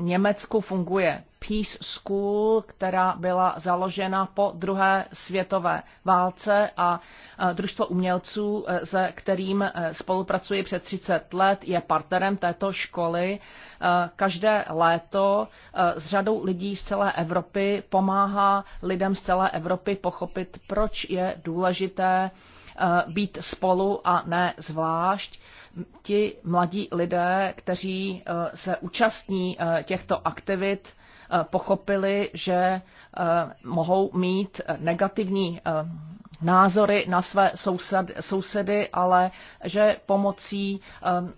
[SPEAKER 2] Německu funguje Peace School, která byla založena po druhé světové válce a družstvo umělců, e, se kterým e, spolupracuji před 30 let, je partnerem této školy. E, každé léto s řadou lidí z celé Evropy pomáhá lidem z celé Evropy pochopit, proč je důležité být spolu a ne zvlášť ti mladí lidé, kteří eh, se účastní eh, těchto aktivit, eh, pochopili, že mohou mít negativní názory na své soused, sousedy, ale že pomocí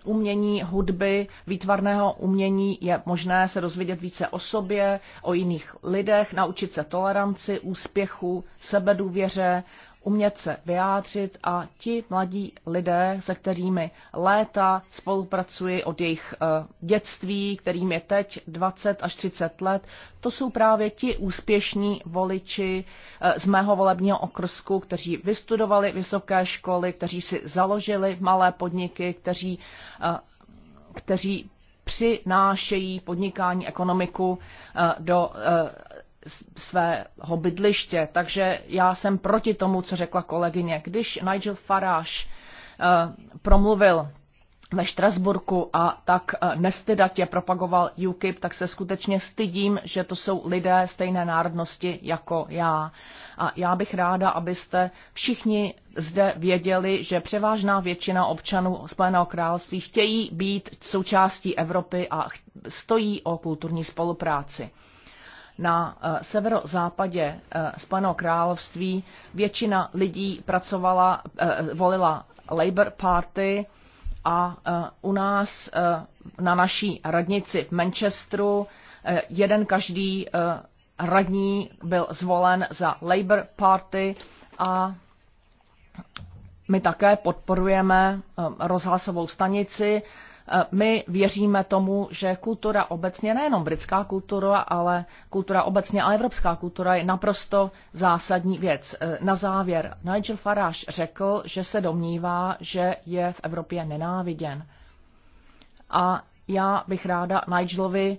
[SPEAKER 2] umění, hudby, výtvarného umění je možné se dozvědět více o sobě, o jiných lidech, naučit se toleranci, úspěchu, sebedůvěře, umět se vyjádřit a ti mladí lidé, se kterými léta spolupracuji od jejich eh, dětství, kterým je teď 20 až 30 let, to jsou právě ti úspěšní voliči eh, z mého volebního okrsku, kteří vystudovali vysoké školy, kteří si založili malé podniky, kteří, eh, kteří přinášejí podnikání ekonomiku do svého bydliště. Takže já jsem proti tomu, co řekla kolegyně. Když Nigel Farage eh, promluvil ve Štrasburku a tak eh, nestydatě propagoval UKIP, tak se skutečně stydím, že to jsou lidé stejné národnosti jako já. A já bych ráda, abyste všichni zde věděli, že převážná většina občanů Spojeného království chtějí být součástí Evropy a stojí o kulturní spolupráci na eh, severozápadě eh, Spojeného království většina lidí pracovala, eh, volila Labour Party a u nás na naší radnici v Manchesteru jeden každý radní byl zvolen za Labour Party a my také podporujeme rozhlasovou stanici, E, my věříme tomu, že kultura obecně, nejenom britská kultura, ale kultura obecně a evropská kultura je naprosto zásadní věc. E, na závěr, Nigel Farage řekl, že se domnívá, že je v Evropě nenáviděn. A já bych ráda Nigelovi e,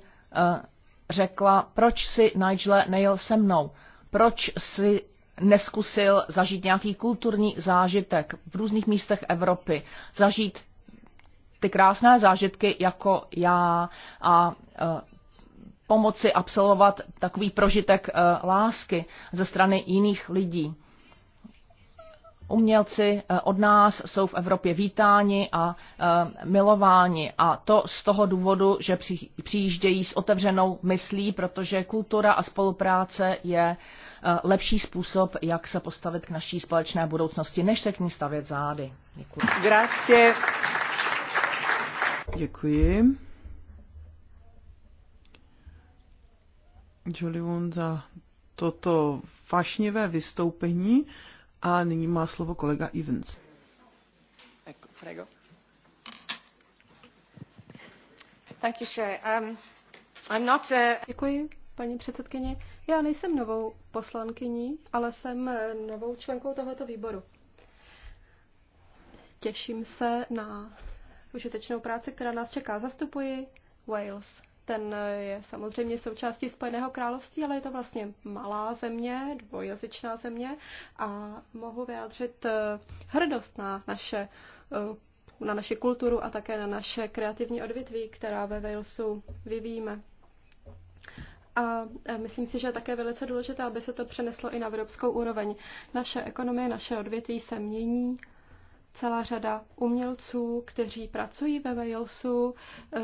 [SPEAKER 2] řekla, proč si Nigel nejel se mnou, proč si neskusil zažít nějaký kulturní zážitek v různých místech Evropy, zažít ty krásné zážitky jako já a e, pomoci absolvovat takový prožitek e, lásky ze strany jiných lidí. Umělci e, od nás jsou v Evropě vítáni a milováni a to z toho důvodu, že přijíždějí s otevřenou myslí, protože kultura a spolupráce je lepší způsob, jak se postavit k naší společné budoucnosti, než se k ní
[SPEAKER 3] stavět zády. Děkuji. Grazie. Děkuji. Jolion za toto vášnivé vystoupení a nyní má slovo kolega Evans.
[SPEAKER 1] Um, Děkuji, paní předsedkyně. Já nejsem novou poslankyní, ale jsem eh, novou členkou tohoto výboru. Těším se na užitečnou práci, která nás čeká. Zastupuji Wales. Ten je samozřejmě součástí Spojeného království, ale je to vlastně malá země, dvojazyčná země a mohu vyjádřit eh, hrdost na naše eh, na naši kulturu a také na naše kreativní odvětví, která ve Walesu vyvíjíme. A eh, myslím si, že je také velice důležité, aby se to přeneslo i na evropskou úroveň. Naše ekonomie, naše odvětví se mění celá řada umělců, kteří pracují ve Walesu, eh,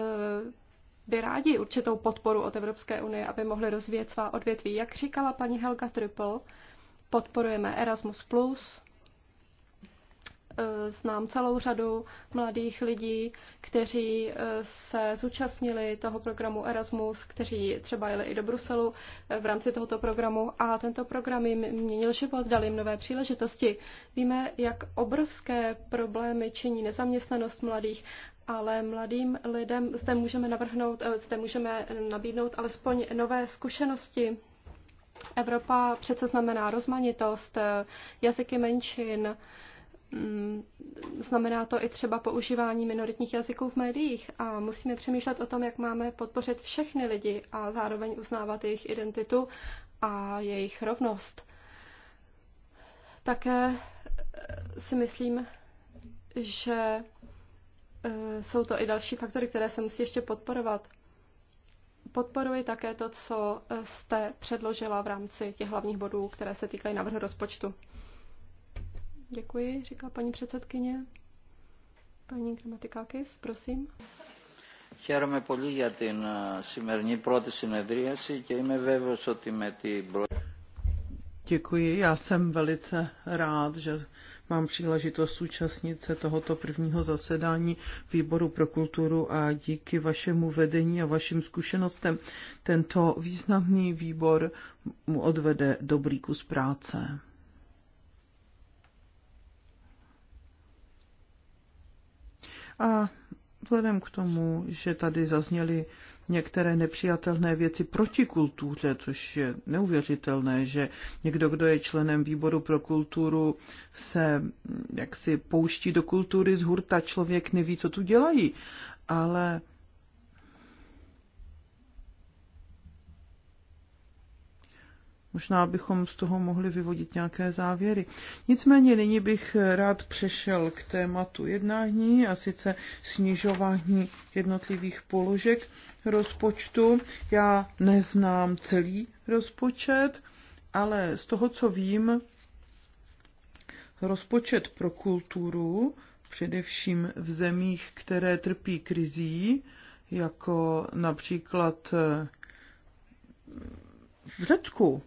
[SPEAKER 1] by rádi určitou podporu od Evropské unie, aby mohli rozvíjet svá odvětví. Jak říkala paní Helga Triple, podporujeme Erasmus+, Eh, znám celou řadu mladých lidí, kteří eh, se zúčastnili toho programu Erasmus, kteří třeba jeli i do Bruselu eh, v rámci tohoto programu a tento program jim měnil život, dal jim nové příležitosti. Víme, jak obrovské problémy činí nezaměstnanost mladých ale mladým lidem zde můžeme navrhnout, zde můžeme nabídnout alespoň nové zkušenosti. Evropa přece znamená rozmanitost, jazyky menšin, Mm, znamená to i třeba používání minoritních jazyků v médiích a musíme přemýšlet o tom, jak máme podpořit všechny lidi a zároveň uznávat jejich identitu a jejich rovnost. Také eh, si myslím, že eh, jsou to i další faktory, které se musí ještě podporovat. Podporuji také to, co eh, jste předložila v rámci těch hlavních bodů, které se týkají návrhu rozpočtu. Děkuji, říká paní předsedkyně. Paní Gramatikákis, prosím.
[SPEAKER 3] Χαίρομαι πολύ για την σημερινή πρώτη συνεδρίαση και είμαι βέβαιος ότι με την Děkuji, já jsem velice rád, že mám příležitost účastnit se tohoto prvního zasedání Výboru pro kulturu a díky vašemu vedení a vašim zkušenostem tento významný výbor mu odvede dobrý kus práce. A vzhledem k tomu, že tady zazněly některé nepřijatelné věci proti kultuře, což je neuvěřitelné, že někdo, kdo je členem výboru pro kulturu, se mm, jaksi pouští do kultury z hurta, člověk neví, co tu dělají. Ale Možná bychom z toho mohli vyvodit nějaké závěry. Nicméně nyní bych rád přešel k tématu jednání a sice snižování jednotlivých položek rozpočtu. Já neznám celý rozpočet, ale z toho, co vím, rozpočet pro kulturu, především v zemích, které trpí krizí, jako například v Řecku,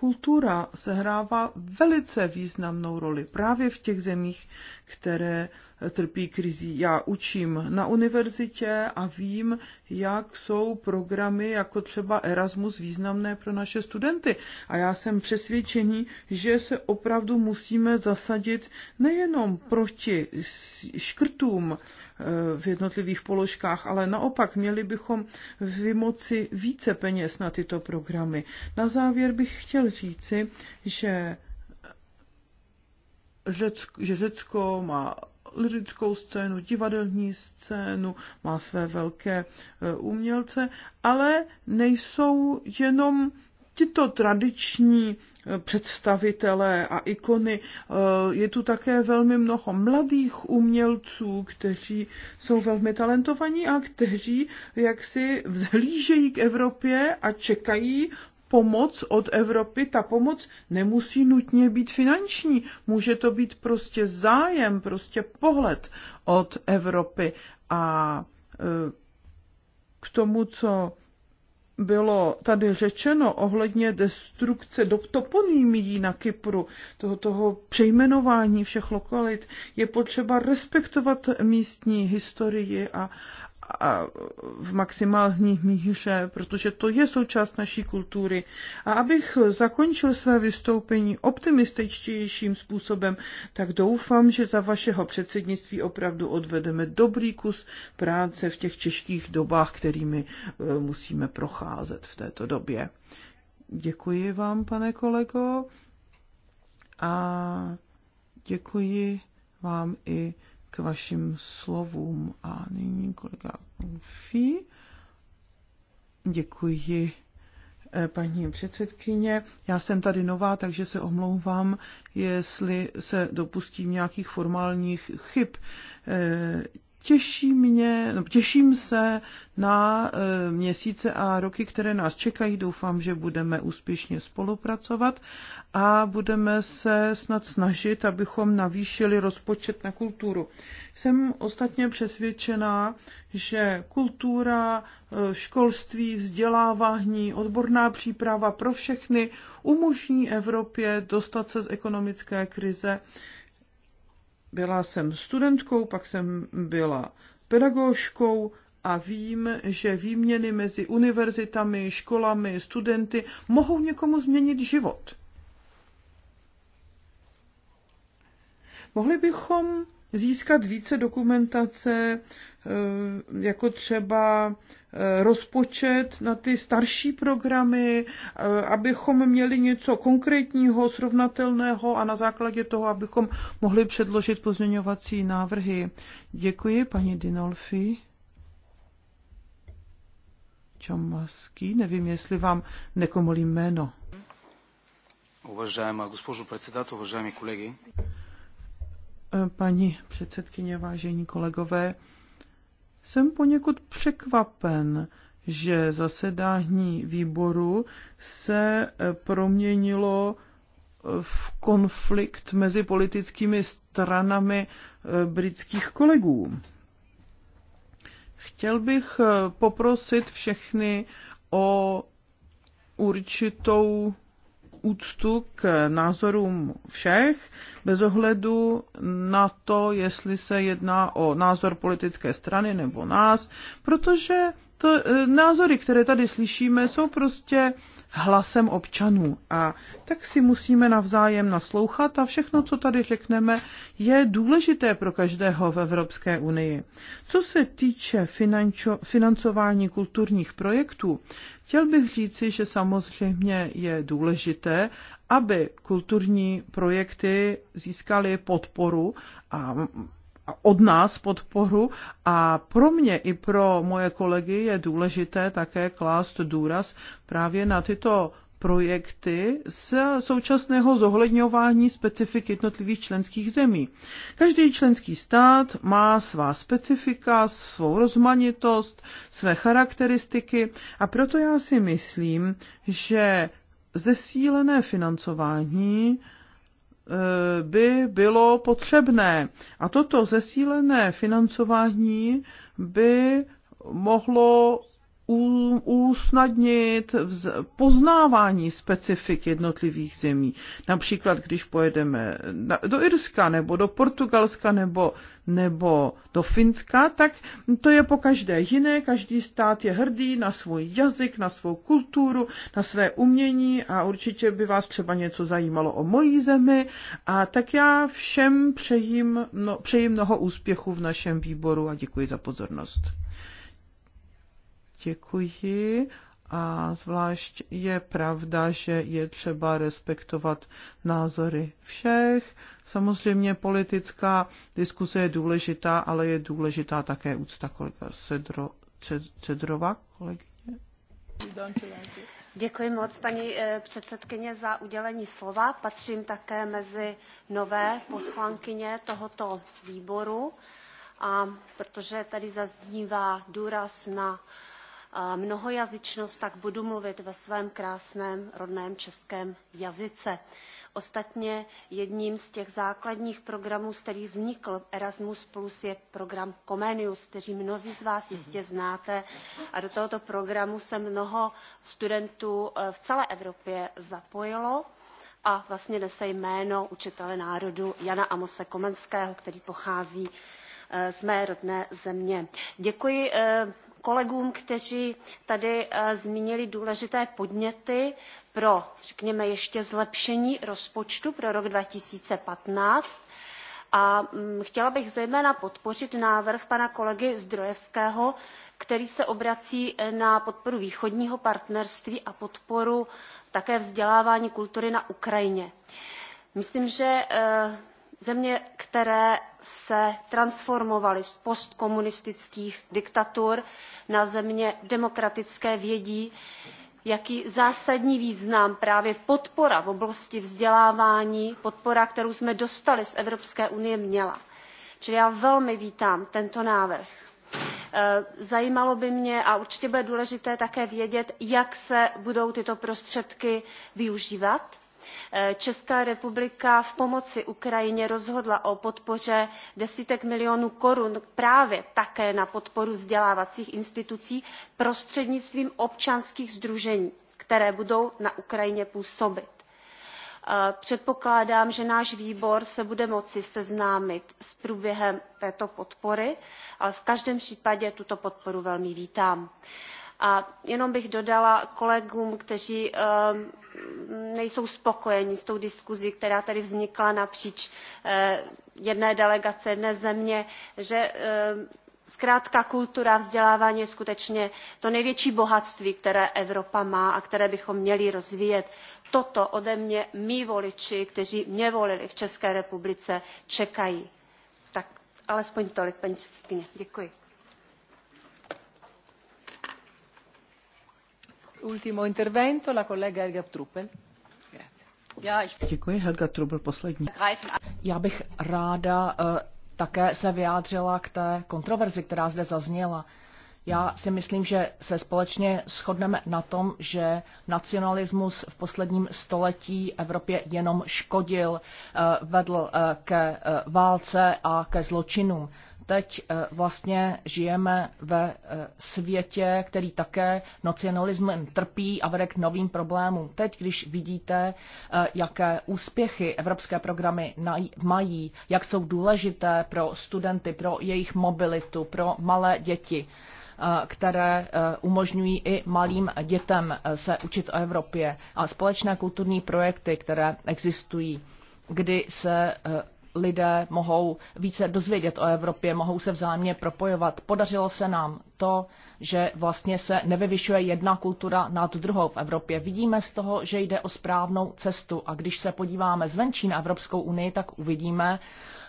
[SPEAKER 3] kultura sehrává velice významnou roli právě v těch zemích, které trpí krizí. Já učím na univerzitě a vím, jak jsou programy jako třeba Erasmus významné pro naše studenty. A já jsem přesvědčený, že se opravdu musíme zasadit nejenom proti škrtům, v jednotlivých položkách, ale naopak měli bychom vymoci více peněz na tyto programy. Na závěr bych chtěl říci, že Řecko, že Řecko má lirickou scénu, divadelní scénu, má své velké e, umělce, ale nejsou jenom tito tradiční eh, představitelé a ikony, eh, je tu také velmi mnoho mladých umělců, kteří jsou velmi talentovaní a kteří jaksi vzhlížejí k Evropě a čekají pomoc od Evropy, ta pomoc nemusí nutně být finanční, může to být prostě zájem, prostě pohled od Evropy. A eh, k tomu, co bylo tady řečeno ohledně destrukce do toponymí na Kypru, toho, toho přejmenování všech lokalit, je potřeba respektovat místní historii a, a v maximální míře, protože to je součást naší kultury. A abych zakončil své vystoupení optimističtějším způsobem, tak doufám, že za vašeho předsednictví opravdu odvedeme dobrý kus práce v těch těžkých dobách, kterými e, musíme procházet v této době. Děkuji vám, pane kolego, a děkuji vám i k vašim slovům. A nyní kolega Konfí. Děkuji, eh, paní předsedkyně. Já jsem tady nová, takže se omlouvám, jestli se dopustím nějakých formálních chyb. Eh, těší mě, no, těším se na e, měsíce a roky, které nás čekají. Doufám, že budeme úspěšně spolupracovat a budeme se snad snažit, abychom navýšili rozpočet na kulturu. Jsem ostatně přesvědčená, že kultura, e, školství, vzdělávání, odborná příprava pro všechny umožní Evropě dostat se z ekonomické krize byla jsem studentkou, pak jsem byla pedagoškou a vím, že výměny mezi univerzitami, školami, studenty mohou někomu změnit život. Mohli bychom získat více dokumentace, eh, jako třeba eh, rozpočet na ty starší programy, eh, abychom měli něco konkrétního, srovnatelného a na základě toho, abychom mohli předložit pozměňovací návrhy. Děkuji, paní Dinolfi. Čomaský, nevím, jestli vám nekomolím jméno. Uvažujeme, госпожо председател, uvažujeme kolegy. Eh, paní předsedkyně, vážení kolegové. Jsem poněkud překvapen, že zasedání výboru se eh, proměnilo eh, v konflikt mezi politickými stranami britských kolegů. Chtěl bych poprosit všechny o určitou úctu k názorům všech, bez ohledu na to, jestli se jedná o názor politické strany nebo nás, protože to, e, názory, které tady slyšíme, jsou prostě hlasem občanů. A tak si musíme navzájem naslouchat a všechno, co tady řekneme, je důležité pro každého v Evropské unii. Co se týče finančo, financování kulturních projektů, chtěl bych říci, že samozřejmě je důležité, aby kulturní projekty získaly podporu a od nás podporu a pro mě i pro moje kolegy je důležité také klást důraz právě na tyto projekty z současného zohledňování specifik jednotlivých členských zemí. Každý členský stát má svá specifika, svou rozmanitost, své charakteristiky a proto já si myslím, že zesílené financování Eh, by bylo potřebné. A toto zesílené financování by mohlo usnadnit poznávání specifik jednotlivých zemí. Například, když pojedeme do Irska nebo do Portugalska nebo, nebo do Finska, tak to je po každé jiné. Každý stát je hrdý na svůj jazyk, na svou kulturu, na své umění a určitě by vás třeba něco zajímalo o mojí zemi. A tak já všem přejím, no, přeji mnoho úspěchů v našem výboru a děkuji za pozornost. Děkuji. A zvlášť je pravda, že je třeba respektovat názory všech. Samozřejmě politická diskuse je důležitá, ale je důležitá také úcta kolega Cedro, Cedrova, kolegyně.
[SPEAKER 4] Děkuji moc, paní eh, předsedkyně, za udělení slova. Patřím také mezi nové poslankyně tohoto výboru, a protože tady zaznívá důraz na mnohojazyčnost tak budu mluvit ve svém krásném rodném českém jazyce. ostatně jedním z těch základních programů z kterých vznikl erasmus je program comenius který mnozí z vás jistě mhm. znáte a do tohoto programu se mnoho studentů eh, v celé evropě zapojilo a vlastně nese jméno učitele národu jana amose komenského který pochází z mé rodné země. děkuji eh, kolegům kteří tady eh, zmínili důležité podněty pro řekněme ještě zlepšení rozpočtu pro rok two thousand and fifteen a mm, chtěla bych zejména podpořit návrh pana kolegy zdrojewského který se obrací eh, na podporu východního partnerství a podporu také vzdělávání kultury na ukrajině. myslím že země které se transformovaly z postkomunistických diktatur na země demokratické vědí jaký zásadní význam právě podpora v oblasti vzdělávání podpora kterou jsme dostali z evropské unie měla. čili já velmi vítám tento návrh. E, zajímalo by mě a určitě bude důležité také vědět jak se budou tyto prostředky využívat Eh, česká republika v pomoci ukrajině rozhodla o podpoře desítek milionů korun právě také na podporu vzdělávacích institucí prostřednictvím občanských sdružení která budou na ukrajině působit eh, předpokládám že náš výbor se bude moci seznámit s průběhem této podpory ale v každém případě tuto podporu velmi vítám. A jenom bych dodala kolegům, kteří ehm, nejsou spokojeni s tou diskuzí, která tady vznikla napříč eh, jedné delegace, jedné země, že ehm, zkrátka kultura vzdělávání je skutečně to největší bohatství které evropa má a které bychom měli rozvíjet. toto ode mě mý voliči kteří mě volili v české republice čekají. tak alespoň tolik paní předsedkyně. děkuji. Helga
[SPEAKER 3] Děkuji, Helga Trubel, poslední. Já bych
[SPEAKER 2] ráda uh, také se vyjádřila k té kontroverzi, která zde zazněla. Uh, já si myslím, že se společně shodneme na tom, že nacionalismus v posledním století Evropě jenom škodil, eh, vedl eh, ke eh, válce a ke zločinům. Teď vlastně žijeme ve světě, který také nacionalismem trpí a vede k novým problémům. Teď, když vidíte, jaké úspěchy evropské programy mají, jak jsou důležité pro studenty, pro jejich mobilitu, pro malé děti, Eh, které eh, umožňují i malým dětem eh, se učit o Evropě a společné kulturní projekty, které existují, kdy se lidé mohou více dozvědět o Evropě, mohou se vzájemně propojovat. Podařilo se nám to, že vlastně se nevyvyšuje jedna kultura nad druhou v Evropě. Vidíme z toho, že jde o správnou cestu a když se podíváme zvenčí na Evropskou unii, tak uvidíme,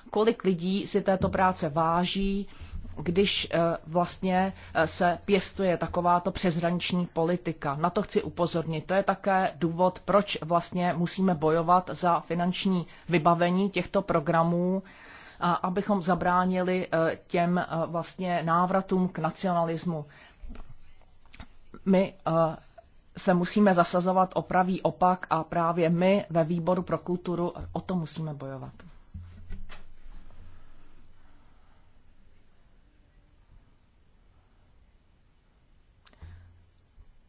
[SPEAKER 2] kolik lidí si této práce váží, když eh, vlastně eh, se pěstuje takováto přeshraniční politika. Na to chci upozornit. To je také důvod, proč vlastně musíme bojovat za finanční vybavení těchto programů, abychom zabránili eh, těm vlastně návratům k nacionalismu. My se musíme zasazovat o pravý opak a právě my ve výboru pro kulturu o to musíme bojovat.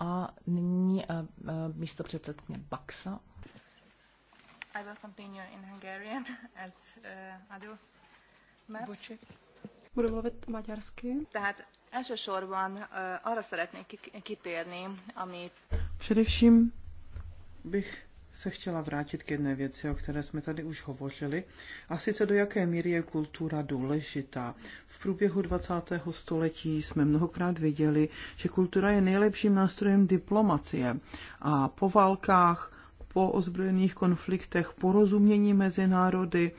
[SPEAKER 2] A nyní eh, eh, místo předsedkyně Baxa. I will continue in Hungarian as uh, Adu Buči. Budu mluvit maďarsky. Tehát elsősorban uh, arra szeretnék kitérni, ami...
[SPEAKER 3] Především bych se chtěla vrátit k jedné věci, o které jsme tady už hovořili, a sice do jaké míry je kultura důležitá. V průběhu 20. století jsme mnohokrát viděli, že kultura je nejlepším nástrojem diplomacie a po válkách, po ozbrojených konfliktech, porozumění mezi národy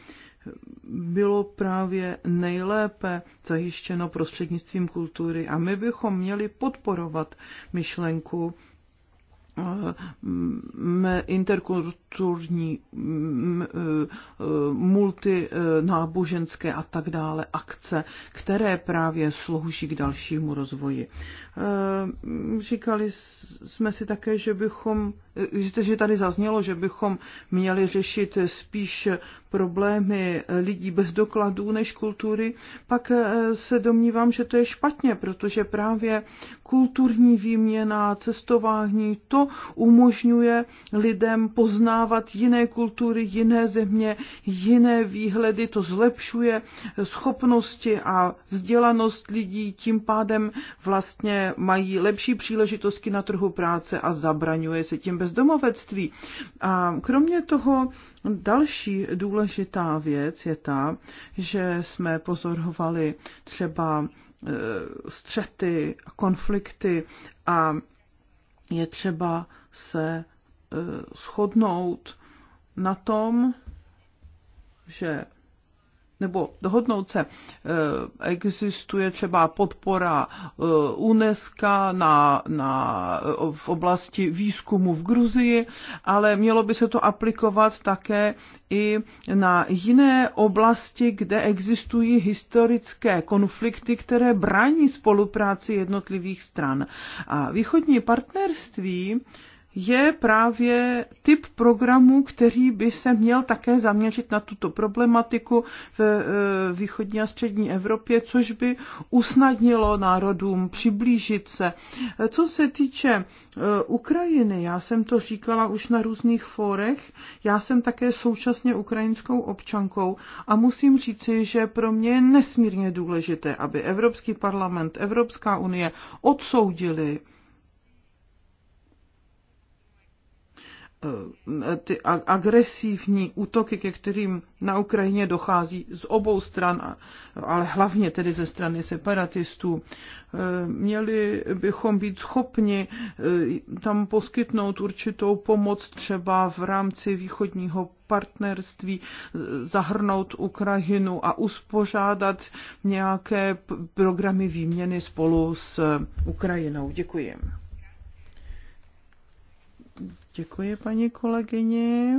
[SPEAKER 3] bylo právě nejlépe zajištěno prostřednictvím kultury a my bychom měli podporovat myšlenku interkulturní, multináboženské a tak dále akce, které právě slouží k dalšímu rozvoji. E, říkali jsme si také, že bychom, e, že tady zaznělo, že bychom měli řešit spíš problémy lidí bez dokladů než kultury, pak eh, se domnívám, že to je špatně, protože právě kulturní výměna, cestování, to umožňuje lidem poznávat jiné kultury, jiné země, jiné výhledy, to zlepšuje schopnosti a vzdělanost lidí, tím pádem vlastně mají lepší příležitosti na trhu práce a zabraňuje se tím bezdomovectví. A kromě toho Další důležitá věc je ta, že jsme pozorovali třeba eh, střety, konflikty a je třeba se eh, shodnout na tom, že nebo dohodnout se. Eh, existuje třeba podpora eh, UNESCO na, na, eh, v oblasti výzkumu v Gruzii, ale mělo by se to aplikovat také i na jiné oblasti, kde existují historické konflikty, které brání spolupráci jednotlivých stran. A východní partnerství je právě typ programu, který by se měl také zaměřit na tuto problematiku v e, východní a střední Evropě, což by usnadnilo národům přiblížit se. E, co se týče e, Ukrajiny, já jsem to říkala už na různých fórech, já jsem také současně ukrajinskou občankou a musím říci, že pro mě je nesmírně důležité, aby Evropský parlament, Evropská unie odsoudili Eh, ty agresivní útoky, ke kterým na Ukrajině dochází z obou stran, ale hlavně tedy ze strany separatistů. Eh, měli bychom být schopni eh, tam poskytnout určitou pomoc třeba v rámci východního partnerství, zahrnout Ukrajinu a uspořádat nějaké programy výměny spolu s Ukrajinou. Děkuji. Děkuji paní kolegyni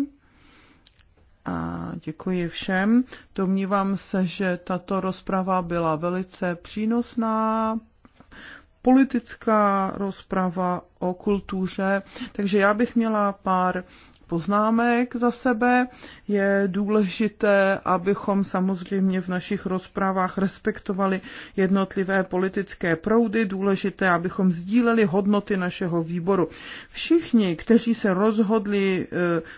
[SPEAKER 3] a děkuji všem. Domnívám se, že tato rozprava byla velice přínosná, politická rozprava o kultuře, takže já bych měla pár poznámek za sebe. Je důležité, abychom samozřejmě v našich rozprávách respektovali jednotlivé politické proudy, důležité, abychom sdíleli hodnoty našeho výboru. Všichni, kteří se rozhodli e,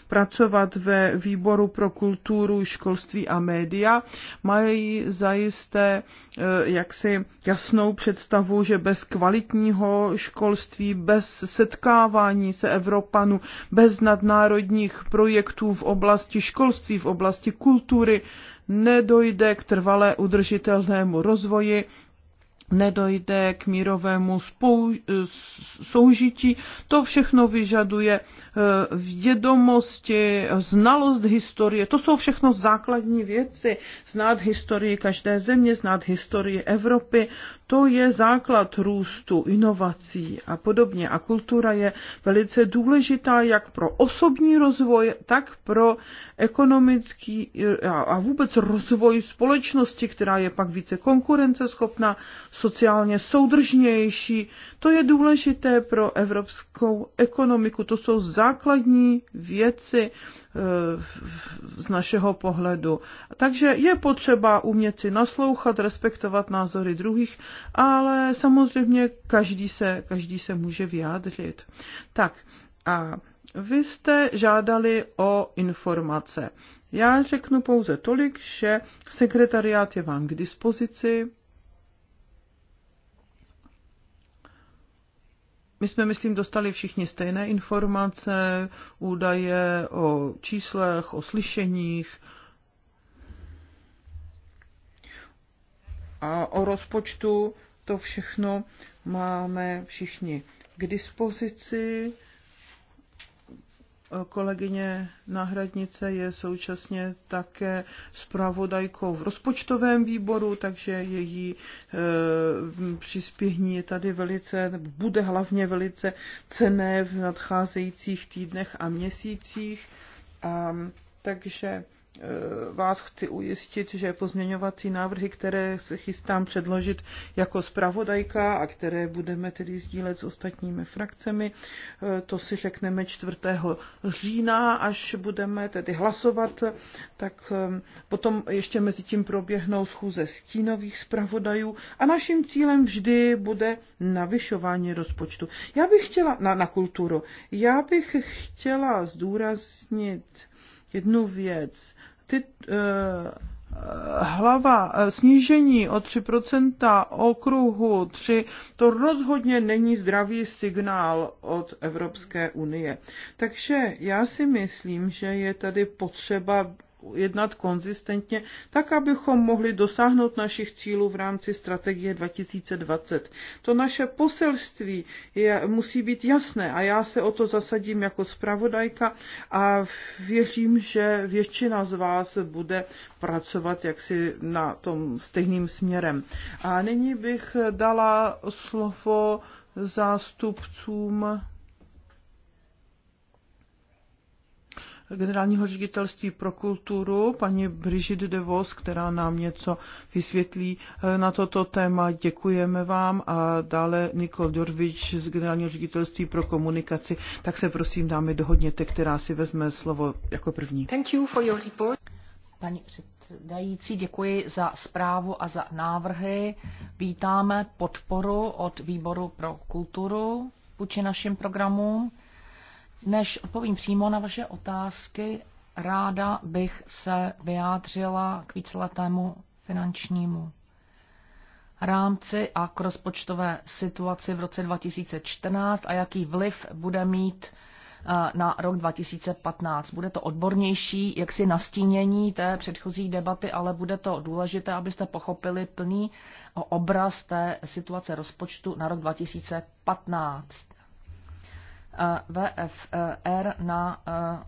[SPEAKER 3] pracovat ve výboru pro kulturu, školství a média, mají zajisté e, jaksi jasnou představu, že bez kvalitního školství, bez setkávání se Evropanů, bez nadnárodní mezinárodních projektů v oblasti školství, v oblasti kultury, nedojde k trvalé udržitelnému rozvoji nedojde k mírovému spou, soužití. To všechno vyžaduje eh, vědomosti, znalost historie. To jsou všechno základní věci. Znát historii každé země, znát historii Evropy, to je základ růstu, inovací a podobně. A kultura je velice důležitá jak pro osobní rozvoj, tak pro ekonomický eh, a vůbec rozvoj společnosti, která je pak více konkurenceschopná, sociálně soudržnější. To je důležité pro evropskou ekonomiku. To jsou základní věci eh, z našeho pohledu. Takže je potřeba umět si naslouchat, respektovat názory druhých, ale samozřejmě každý se, každý se může vyjádřit. Tak a vy jste žádali o informace. Já řeknu pouze tolik, že sekretariát je vám k dispozici, My jsme, myslím, dostali všichni stejné informace, údaje o číslech, o slyšeních a o rozpočtu. To všechno máme všichni k dispozici. Kolegyně náhradnice je současně také zpravodajkou v rozpočtovém výboru, takže její e, přispění je tady velice, bude hlavně velice cené v nadcházejících týdnech a měsících. A, takže vás chci ujistit, že pozměňovací návrhy, které se chystám předložit jako zpravodajka a které budeme tedy sdílet s ostatními frakcemi, eh, to si řekneme 4. října, až budeme tedy hlasovat, tak eh, potom ještě mezi tím proběhnou schůze stínových zpravodajů a naším cílem vždy bude navyšování rozpočtu. Já bych chtěla, na, na kulturu, já bych chtěla zdůraznit, jednu věc. Ty, eh, hlava eh, snížení o 3% okruhu 3, to rozhodně není zdravý signál od Evropské unie. Takže já si myslím, že je tady potřeba jednat konzistentně, tak abychom mohli dosáhnout našich cílů v rámci strategie 2020. To naše poselství je, musí být jasné a já se o to zasadím jako zpravodajka a věřím, že většina z vás bude pracovat jaksi na tom stejným směrem. A nyní bych dala slovo zástupcům generálního ředitelství pro kulturu, paní Brigitte de Vos, která nám něco vysvětlí eh, na toto téma. Děkujeme vám a dále Nikol Dorvič z generálního ředitelství pro komunikaci. Tak se prosím dámy dohodněte, která si vezme slovo jako první.
[SPEAKER 2] Thank you for your report. Paní předsedající, děkuji za zprávu a za návrhy. Vítáme podporu od Výboru pro kulturu vůči našim programům. Než odpovím přímo na vaše otázky, ráda bych se vyjádřila k víceletému finančnímu rámci a k rozpočtové situaci v roce 2014 a jaký vliv bude mít eh, na rok 2015. Bude to odbornější, jaksi nastínění té předchozí debaty, ale bude to důležité, abyste pochopili plný obraz té situace rozpočtu na rok 2015. VFR na eh,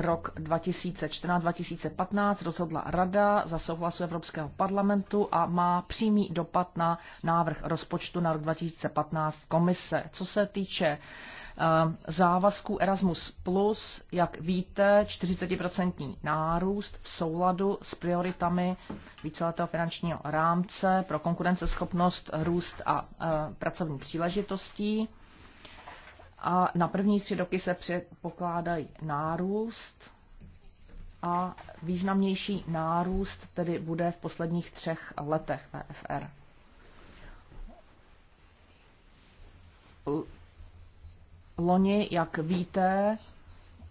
[SPEAKER 2] rok 2014-2015 rozhodla Rada za souhlasu Evropského parlamentu a má přímý dopad na návrh rozpočtu na rok 2015 komise. Co se týče eh, závazků Erasmus+, Plus, jak víte, 40% nárůst v souladu s prioritami víceletého finančního rámce pro konkurenceschopnost, růst a eh, pracovní příležitosti a na první tři roky se předpokládají nárůst a významnější nárůst tedy bude v posledních třech letech VFR. Loni, jak víte,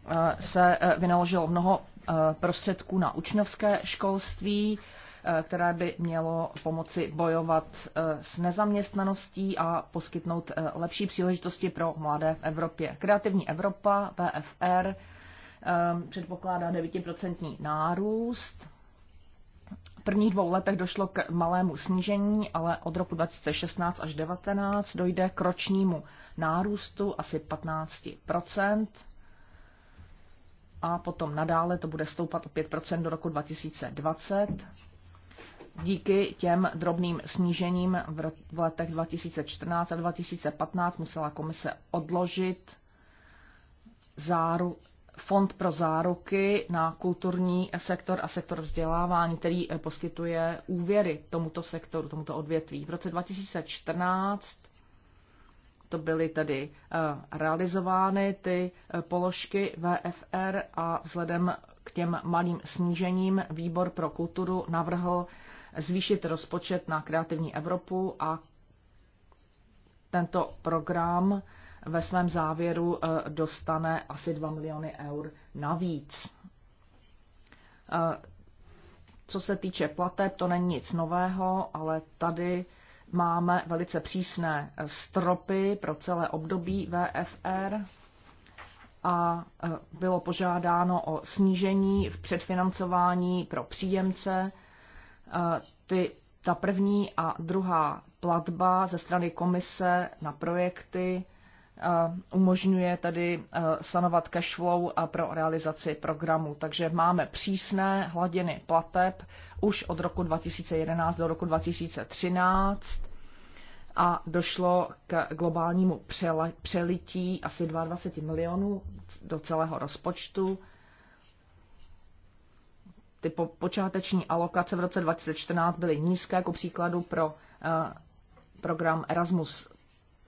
[SPEAKER 2] eh, se eh, vynaložilo mnoho eh, prostředků na učňovské školství, Eh, které by mělo pomoci bojovat eh, s nezaměstnaností a poskytnout eh, lepší příležitosti pro mladé v Evropě. Kreativní Evropa, VFR, předpokládá 9% nárůst. V prvních dvou letech došlo k malému snížení, ale od roku 2016 až 2019 dojde k ročnímu nárůstu asi 15%. A potom nadále to bude stoupat o 5% do roku 2020 díky těm drobným snížením v letech 2014 a 2015 musela komise odložit záru, fond pro záruky na kulturní sektor a sektor vzdělávání, který eh, poskytuje úvěry tomuto sektoru, tomuto odvětví. V roce 2014 to byly tedy eh, realizovány ty eh, položky VFR a vzhledem k těm malým snížením výbor pro kulturu navrhl zvýšit rozpočet na kreativní Evropu a tento program ve svém závěru eh, dostane asi 2 miliony eur navíc. Eh, co se týče plateb, to není nic nového, ale tady máme velice přísné eh, stropy pro celé období VFR a bylo požádáno o snížení v předfinancování pro příjemce ty, ta první a druhá platba ze strany komise na projekty umožňuje tedy sanovat a pro realizaci programu. Takže máme přísné hladiny plateb už od roku 2011 do roku 2013 a došlo k globálnímu přelití asi 22 milionů do celého rozpočtu ty po, počáteční alokace v roce 2014 byly nízké, jako příkladu pro eh, program Erasmus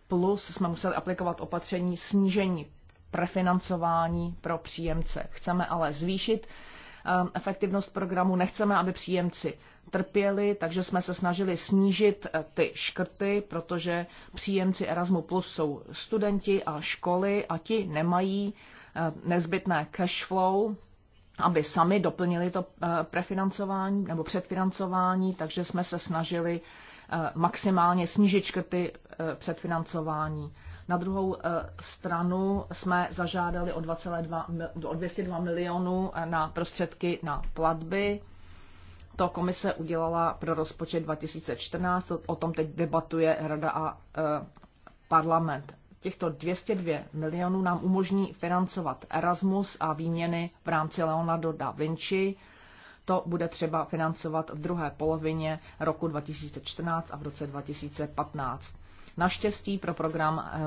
[SPEAKER 2] Plus jsme museli aplikovat opatření snížení prefinancování pro příjemce. Chceme ale zvýšit eh, efektivnost programu, nechceme, aby příjemci trpěli, takže jsme se snažili snížit eh, ty škrty, protože příjemci Erasmus+ Plus jsou studenti a školy a ti nemají nezbytné cash flow, aby sami doplnili to eh, prefinancování nebo předfinancování, takže jsme se snažili eh, maximálně snížit škrty eh, předfinancování. Na druhou stranu jsme zažádali o, 2,2, o 202 milionů na prostředky na platby. To komise udělala pro rozpočet 2014, o tom teď debatuje Rada a parlament těchto 202 milionů nám umožní financovat Erasmus a výměny v rámci Leonardo da Vinci. To bude třeba financovat v druhé polovině roku 2014 a v roce 2015. Naštěstí pro program eh,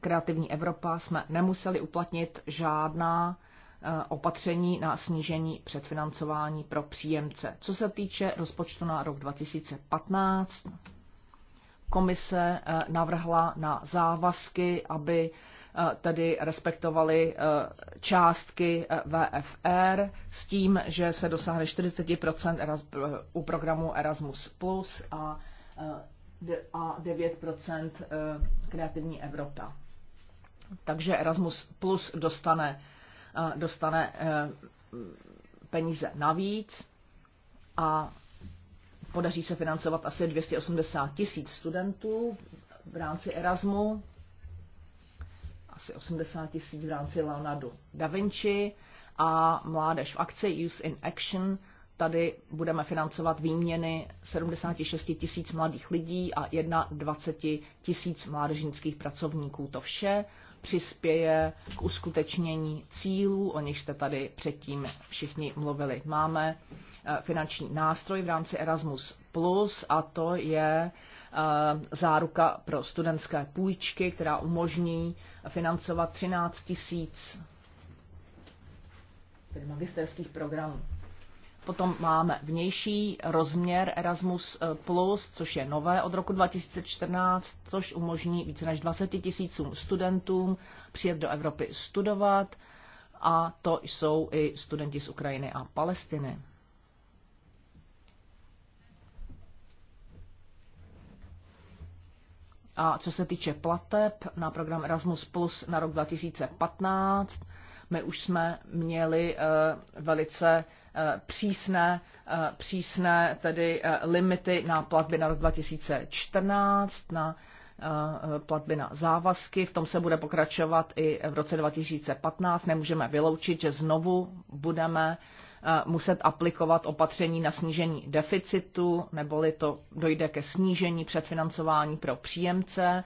[SPEAKER 2] Kreativní Evropa jsme nemuseli uplatnit žádná eh, opatření na snížení předfinancování pro příjemce. Co se týče rozpočtu na rok 2015, komise eh, navrhla na závazky, aby eh, tedy respektovali eh, částky VFR s tím, že se dosáhne 40 u programu Erasmus Plus a 9 Kreativní Evropa. Takže Erasmus Plus dostane, dostane peníze navíc a Podaří se financovat asi 280 tisíc studentů v rámci Erasmu, asi 80 tisíc v rámci Leonardo da Vinci a Mládež v akci Youth in Action – tady budeme financovat výměny 76 tisíc mladých lidí a 21 tisíc mládežnických pracovníků. To vše přispěje k uskutečnění cílů, o nich jste tady předtím všichni mluvili. Máme eh, finanční nástroj v rámci Erasmus+, Plus a to je eh, záruka pro studentské půjčky, která umožní financovat 13 tisíc magisterských programů. Potom máme vnější rozměr Erasmus+, eh, Plus, což je nové od roku 2014, což umožní více než 20 tisícům studentům přijet do Evropy studovat a to jsou i studenti z Ukrajiny a Palestiny. A co se týče plateb na program Erasmus Plus na rok 2015, my už jsme měli eh, velice Eh, přísné, eh, přísné tedy eh, limity na platby na rok 2014, na platby na závazky. V tom se bude pokračovat i v roce 2015. Nemůžeme vyloučit, že znovu budeme muset aplikovat opatření na snížení deficitu, neboli to dojde ke snížení předfinancování pro příjemce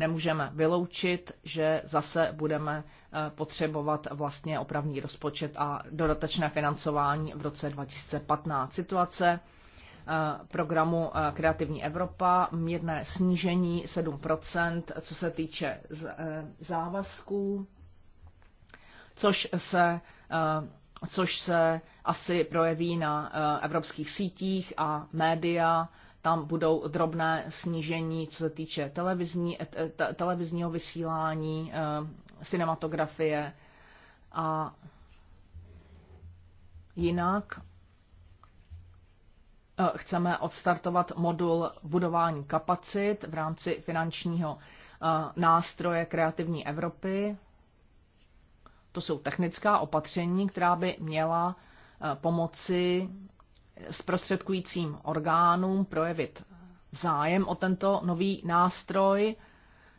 [SPEAKER 2] nemůžeme vyloučit, že zase budeme eh, potřebovat vlastně opravný rozpočet a dodatečné financování v roce 2015. Situace eh, programu eh, Kreativní Evropa, mírné snížení 7%, co se týče závazků, což se což se asi projeví na evropských sítích a média tam budou drobné snížení, co se týče televizní, e- te, televizního vysílání, eh, cinematografie a jinak eh, chceme odstartovat modul budování kapacit v rámci finančního eh, nástroje Kreativní Evropy. To jsou technická opatření, která by měla pomoci zprostředkujícím orgánům projevit zájem o tento nový nástroj,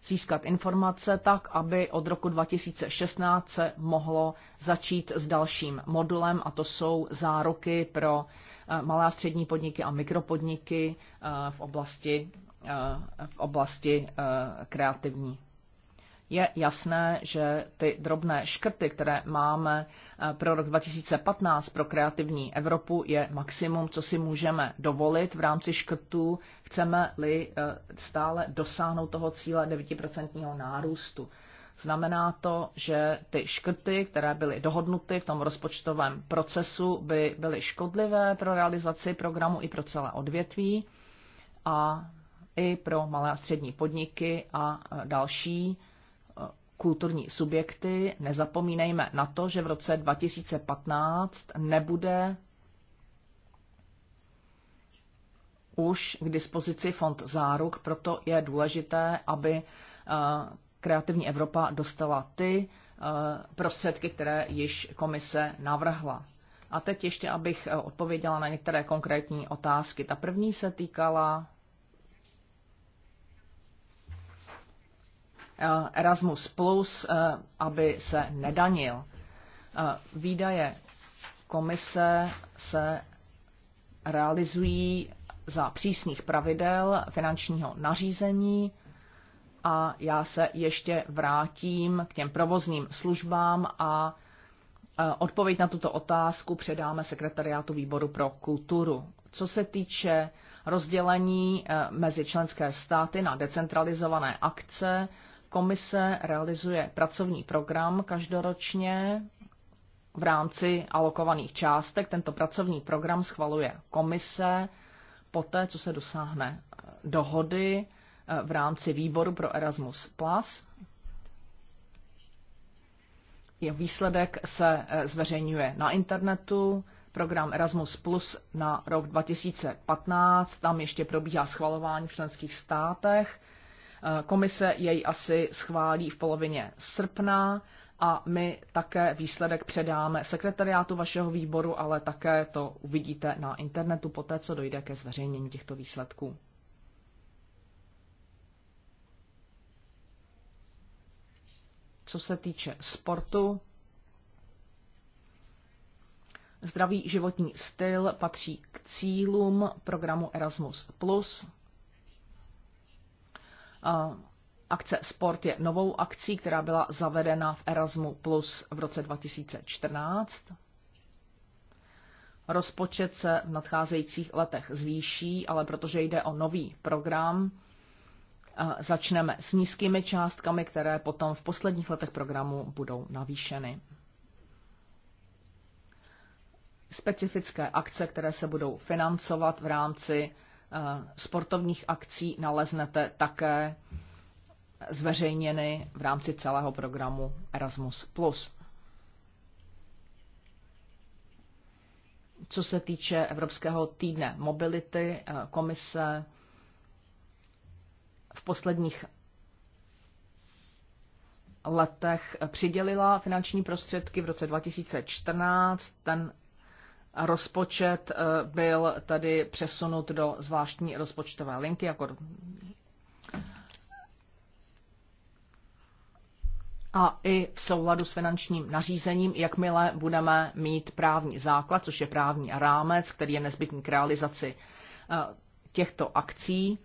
[SPEAKER 2] získat informace tak, aby od roku 2016 se mohlo začít s dalším modulem, a to jsou záruky pro eh, malé a střední podniky a mikropodniky eh, v oblasti, eh, v oblasti kreativní je jasné, že ty drobné škrty, které máme eh, pro rok 2015 pro kreativní Evropu, je maximum, co si můžeme dovolit v rámci škrtů, chceme-li eh, stále dosáhnout toho cíle 9% nárůstu. Znamená to, že ty škrty, které byly dohodnuty v tom rozpočtovém procesu, by byly škodlivé pro realizaci programu i pro celé odvětví a i pro malé a střední podniky a eh, další kulturní subjekty. Nezapomínejme na to, že v roce 2015 nebude už k dispozici fond záruk, proto je důležité, aby eh, Kreativní Evropa dostala ty eh, prostředky, které již komise navrhla. A teď ještě, abych eh, odpověděla na některé konkrétní otázky. Ta první se týkala Eh, Erasmus, Plus, eh, aby se nedanil. Eh, výdaje komise se realizují za přísných pravidel finančního nařízení a já se ještě vrátím k těm provozním službám a odpověď na tuto otázku předáme sekretariátu výboru pro kulturu. Co se týče rozdělení mezi členské státy na decentralizované akce, Komise realizuje pracovní program každoročně v rámci alokovaných částek. Tento pracovní program schvaluje komise poté, co se dosáhne eh, dohody eh, v rámci výboru pro Erasmus+. Jeho výsledek se eh, zveřejňuje na internetu. Program Erasmus Plus na rok 2015, tam ještě probíhá schvalování v členských státech Eh, komise jej asi schválí v polovině srpna a my také výsledek předáme sekretariátu vašeho výboru, ale také to uvidíte na internetu poté, co dojde ke zveřejnění těchto výsledků. Co se týče sportu, zdravý životní styl patří k cílům programu Erasmus+ Akce Sport je novou akcí, která byla zavedena v Erasmu Plus v roce 2014. Rozpočet se v nadcházejících letech zvýší, ale protože jde o nový program, začneme s nízkými částkami, které potom v posledních letech programu budou navýšeny. Specifické akce, které se budou financovat v rámci Eh, sportovních akcí naleznete také zveřejněny v rámci celého programu Erasmus+. Co se týče Evropského týdne mobility, eh, komise v posledních letech přidělila finanční prostředky v roce 2014. Ten rozpočet eh, byl tady přesunut do zvláštní rozpočtové linky jako a i v souladu s finančním nařízením, jakmile budeme mít právní základ, což je právní rámec, který je nezbytný k realizaci eh, těchto akcí.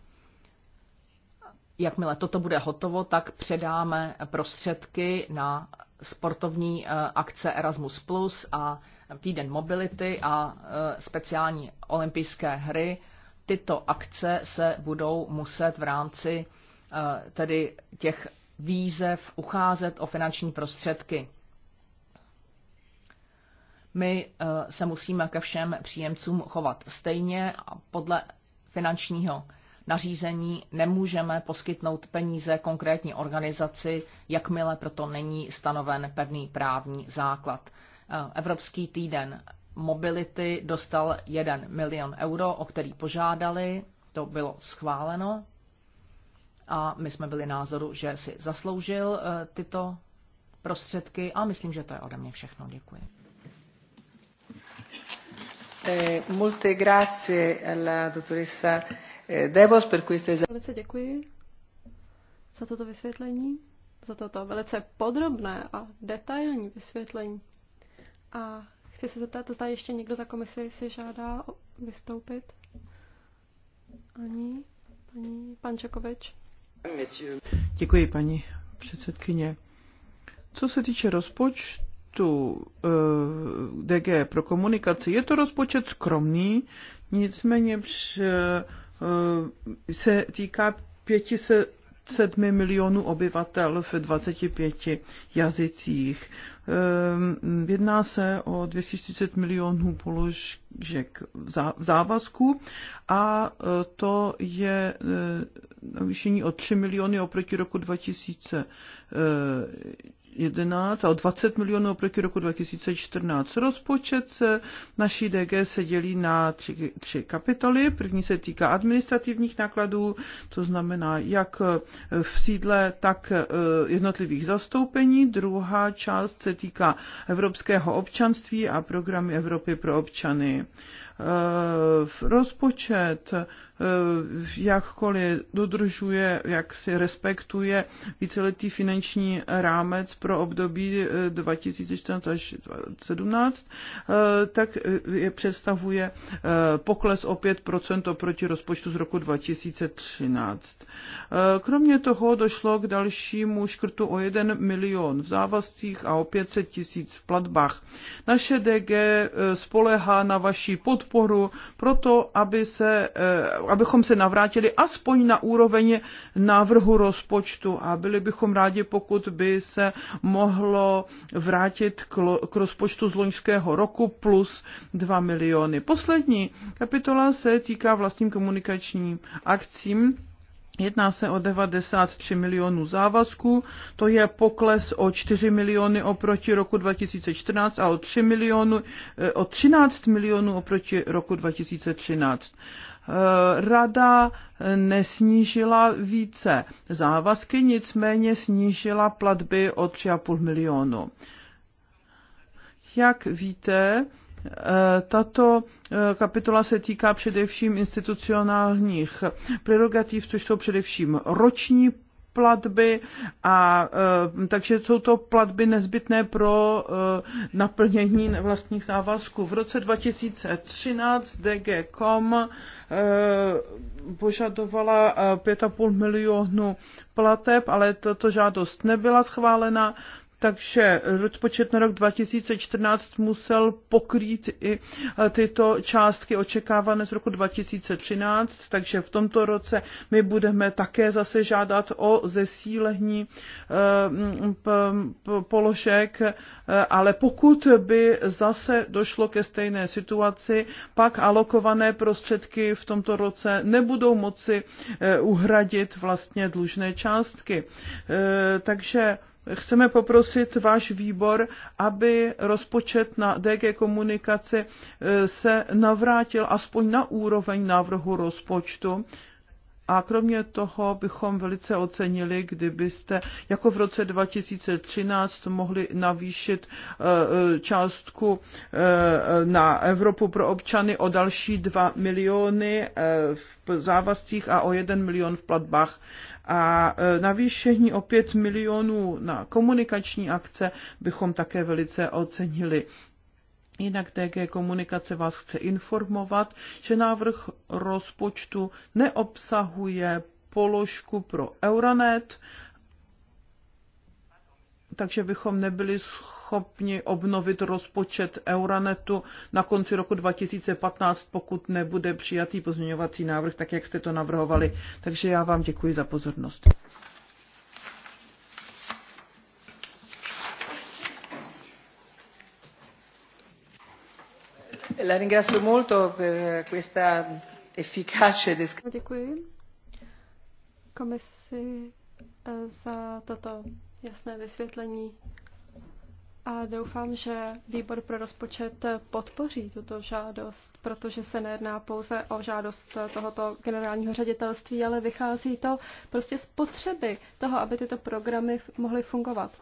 [SPEAKER 2] Jakmile toto bude hotovo, tak předáme prostředky na sportovní eh, akce Erasmus Plus a týden mobility a eh, speciální olympijské hry. Tyto akce se budou muset v rámci eh, tedy těch výzev ucházet o finanční prostředky. My se musíme ke všem příjemcům chovat stejně a podle finančního nařízení nemůžeme poskytnout peníze konkrétní organizaci, jakmile proto není stanoven pevný právní základ. Eh, Evropský týden mobility dostal 1 milion euro, o který požádali, to bylo schváleno a my jsme byli názoru, že si zasloužil eh, tyto prostředky a myslím, že to je ode mě všechno. Děkuji. Eh, molte grazie alla dottoressa Eh, Devos per queste... Velice děkuji
[SPEAKER 1] za toto vysvětlení, za toto velice podrobné a detailní vysvětlení. A chci se zeptat, zda ještě někdo za komisi si žádá vystoupit? Ani? Paní Pančakovič?
[SPEAKER 3] Děkuji, paní předsedkyně. Co se týče rozpočtu eh, DG pro komunikaci, je to rozpočet skromný, nicméně při, Eh, se týká 507 milionů obyvatel v 25 jazycích. Ehm, jedná se o 240 milionů položek závazku a e, to je e, navýšení o 3 miliony oproti roku 2011 e, a o 20 milionů oproti roku 2014. Rozpočet se naší DG se dělí na tři, tři kapitoly. První se týká administrativních nákladů, to znamená jak v sídle, tak jednotlivých zastoupení. Druhá část se týká evropského občanství a programy Evropy pro občany rozpočet, eh, jakkoliv dodržuje, jak si respektuje víceletý finanční rámec pro období 2014 eh, až 2017, eh, tak je představuje pokles o 5% oproti rozpočtu z roku 2013. Kromě toho došlo k dalšímu škrtu o 1 milion v závazcích a o 500 tisíc v platbách. Naše DG spolehá na vaší podporu podporu pro to, aby se, eh, abychom se navrátili aspoň na úroveň návrhu rozpočtu a byli bychom rádi, pokud by se mohlo vrátit k rozpočtu z loňského roku plus 2 miliony. Poslední kapitola se týká vlastním komunikačním akcím Jedná se o 93 milionů závazků, to je pokles o 4 miliony oproti roku 2014 a o, 3 milionu, eh, o 13 milionů oproti roku 2013. Eh, rada eh, nesnížila více závazky, nicméně snížila platby o 3,5 milionu. Jak víte, tato eh, kapitola se týká především institucionálních prerogativ, což jsou především roční platby a eh, takže jsou to platby nezbytné pro eh, naplnění vlastních závazků. V roce 2013 DG.com požadovala 5,5 milionu plateb, ale tato žádost nebyla schválena takže rozpočet na rok 2014 musel pokrýt i e, tyto částky očekávané z roku 2013, takže v tomto roce my budeme také zase žádat o zesílení e, položek, e, ale pokud by zase došlo ke stejné situaci, pak alokované prostředky v tomto roce nebudou moci uhradit vlastně dlužné částky. Takže chceme poprosit váš výbor, aby rozpočet na DG komunikaci eh, se navrátil aspoň na úroveň návrhu rozpočtu a kromě toho bychom velice ocenili, kdybyste jako v roce 2013 mohli navýšit eh, eh, částku eh, na Evropu pro občany o další 2 miliony v závazcích a o 1 milion v platbách. A navýšení o 5 milionů na komunikační akce bychom také velice ocenili. Jinak TG Komunikace vás chce informovat, že návrh rozpočtu neobsahuje položku pro Euronet, takže bychom nebyli schopni obnovit rozpočet Euronetu na konci roku 2015, pokud nebude přijatý pozměňovací návrh, tak jak jste to navrhovali. Takže já vám děkuji za pozornost.
[SPEAKER 2] No, děkuji
[SPEAKER 1] komisi eh, za toto jasné vysvětlení a doufám, že výbor pro rozpočet podpoří tuto žádost, protože se nejedná pouze o žádost tohoto generálního ředitelství, ale vychází to prostě z potřeby toho, aby tyto programy mohly fungovat.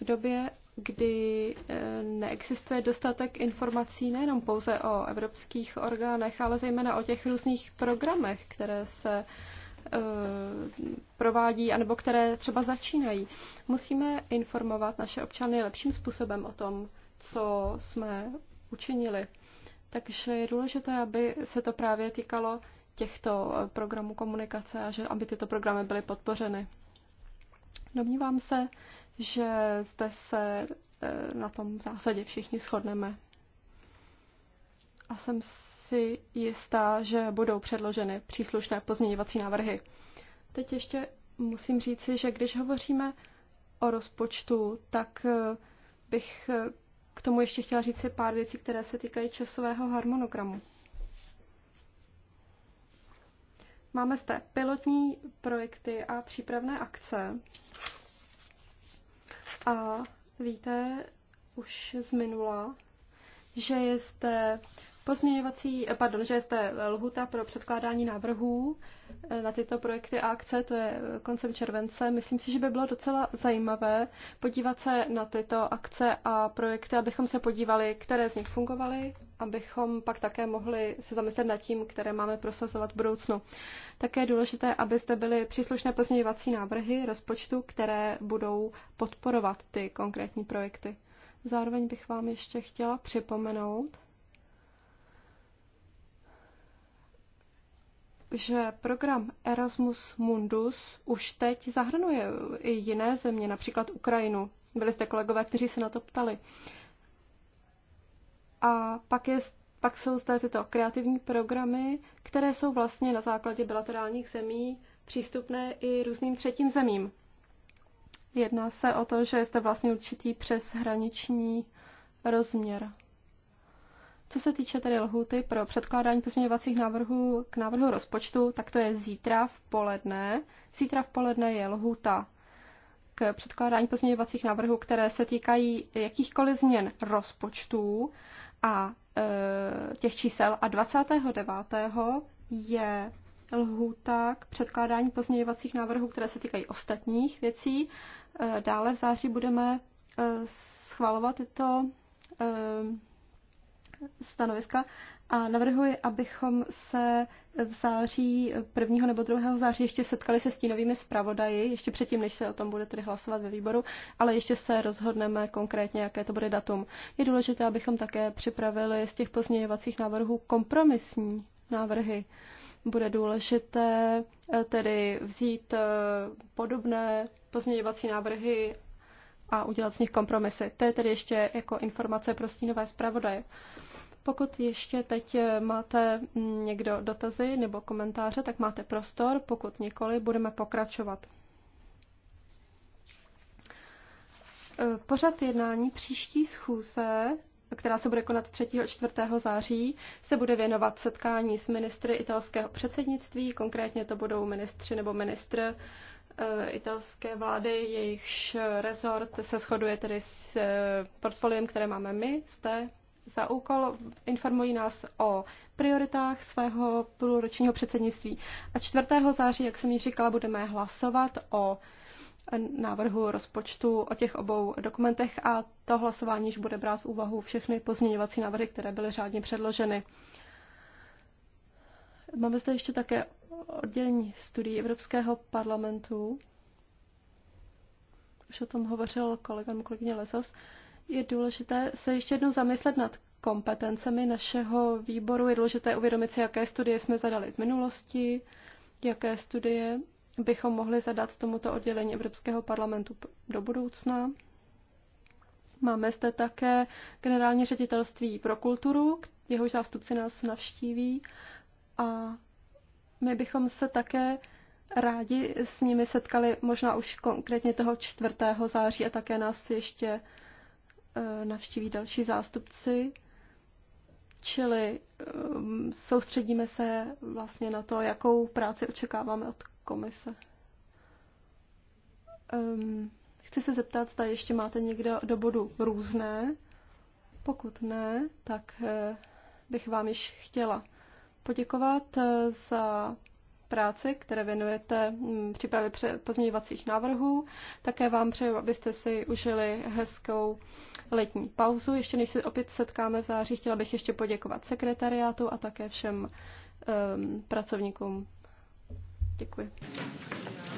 [SPEAKER 1] V době, kdy eh, neexistuje dostatek informací nejenom pouze o evropských orgánech, ale zejména o těch různých programech, které se eh, provádí, anebo které třeba začínají. Musíme informovat naše občany lepším způsobem o tom, co jsme učinili. Takže je důležité, aby se to právě týkalo těchto eh, programů komunikace a že aby tyto programy byly podpořeny. Domnívám se, že zde se eh, na tom v zásadě všichni shodneme. A jsem si jistá, že budou předloženy příslušné pozměňovací návrhy. Teď ještě musím říci, že když hovoříme o rozpočtu, tak eh, bych eh, k tomu ještě chtěla říct si pár věcí, které se týkají časového harmonogramu. Máme zde pilotní projekty a přípravné akce. A víte už z minula, že je zde pozměňovací, pardon, že je zde lhuta pro předkládání návrhů eh, na tyto projekty a akce, to je eh, koncem července. Myslím si, že by bylo docela zajímavé podívat se na tyto akce a projekty, abychom se podívali, které z nich fungovaly, abychom pak také mohli se zamyslet nad tím, které máme prosazovat v budoucnu. Také je důležité, aby zde byly příslušné pozměňovací návrhy rozpočtu, které budou podporovat ty konkrétní projekty. Zároveň bych vám ještě chtěla připomenout, že program Erasmus Mundus už teď zahrnuje i jiné země, například Ukrajinu. Byli jste kolegové, kteří se na to ptali. Uh, a pak, je, pak jsou zde tyto kreativní programy, které jsou vlastně na základě bilaterálních zemí přístupné i různým třetím zemím. Jedná se o to, že je vlastně určitý přeshraniční rozměr. Co se týče tedy lhuty pro předkládání pozměňovacích návrhů k návrhu rozpočtu, tak to je zítra v poledne. Zítra v poledne je lhuta k předkládání pozměňovacích návrhů, které se týkají jakýchkoliv změn rozpočtů a e, těch čísel a 29. je lhůta k předkládání pozměňovacích návrhů, které se týkají ostatních věcí. E, dále v září budeme e, schvalovat tyto stanoviska a navrhuji, abychom se v září, 1. nebo 2. září ještě setkali se stínovými zpravodaji, ještě předtím, než se o tom bude tedy hlasovat ve výboru, ale ještě se rozhodneme konkrétně, jaké to bude datum. Je důležité, abychom také připravili z těch pozměňovacích návrhů kompromisní návrhy. Bude důležité eh, tedy vzít eh, podobné pozměňovací návrhy a udělat z nich kompromisy. To je tedy ještě jako informace pro stínové zpravodaje. Pokud ještě teď eh, máte mm, někdo dotazy nebo komentáře, tak máte prostor. Pokud nikoli, budeme pokračovat. Eh, pořad jednání příští schůze která se bude konat 3. a 4. září, se bude věnovat setkání s ministry italského předsednictví, konkrétně to budou ministři nebo ministr eh, italské vlády, jejichž rezort se shoduje tedy s portfoliem, které máme my zde za úkol, informují nás o prioritách svého půlročního předsednictví. A 4. září, jak jsem ji říkala, budeme hlasovat o návrhu rozpočtu o těch obou dokumentech a to hlasování již bude brát v úvahu všechny pozměňovací návrhy, které byly řádně předloženy. Máme zde ještě také oddělení studií Evropského parlamentu. Už o tom hovořil kolega kolegyně Lesas. Uh, je důležité se ještě jednou zamyslet nad kompetencemi našeho výboru. Je důležité uvědomit si, jaké studie jsme zadali v minulosti, jaké studie bychom mohli zadat tomuto oddělení Evropského parlamentu do budoucna. Máme zde také generální ředitelství pro kulturu, jehož zástupci nás navštíví a my bychom se také rádi s nimi setkali možná už konkrétně toho 4. září a také nás ještě Eh, navštíví další zástupci, čili eh, soustředíme se vlastně na to, jakou práci očekáváme od komise. Ehm, chci se zeptat, zda ještě máte někdo do bodu různé. Pokud ne, tak eh, bych vám již chtěla poděkovat za práci, které věnujete mm, přípravě pozměňovacích návrhů. Také vám přeju, abyste si užili hezkou letní pauzu. Ještě než se opět setkáme v září, chtěla bych ještě poděkovat sekretariátu a také všem um, pracovníkům. Děkuji.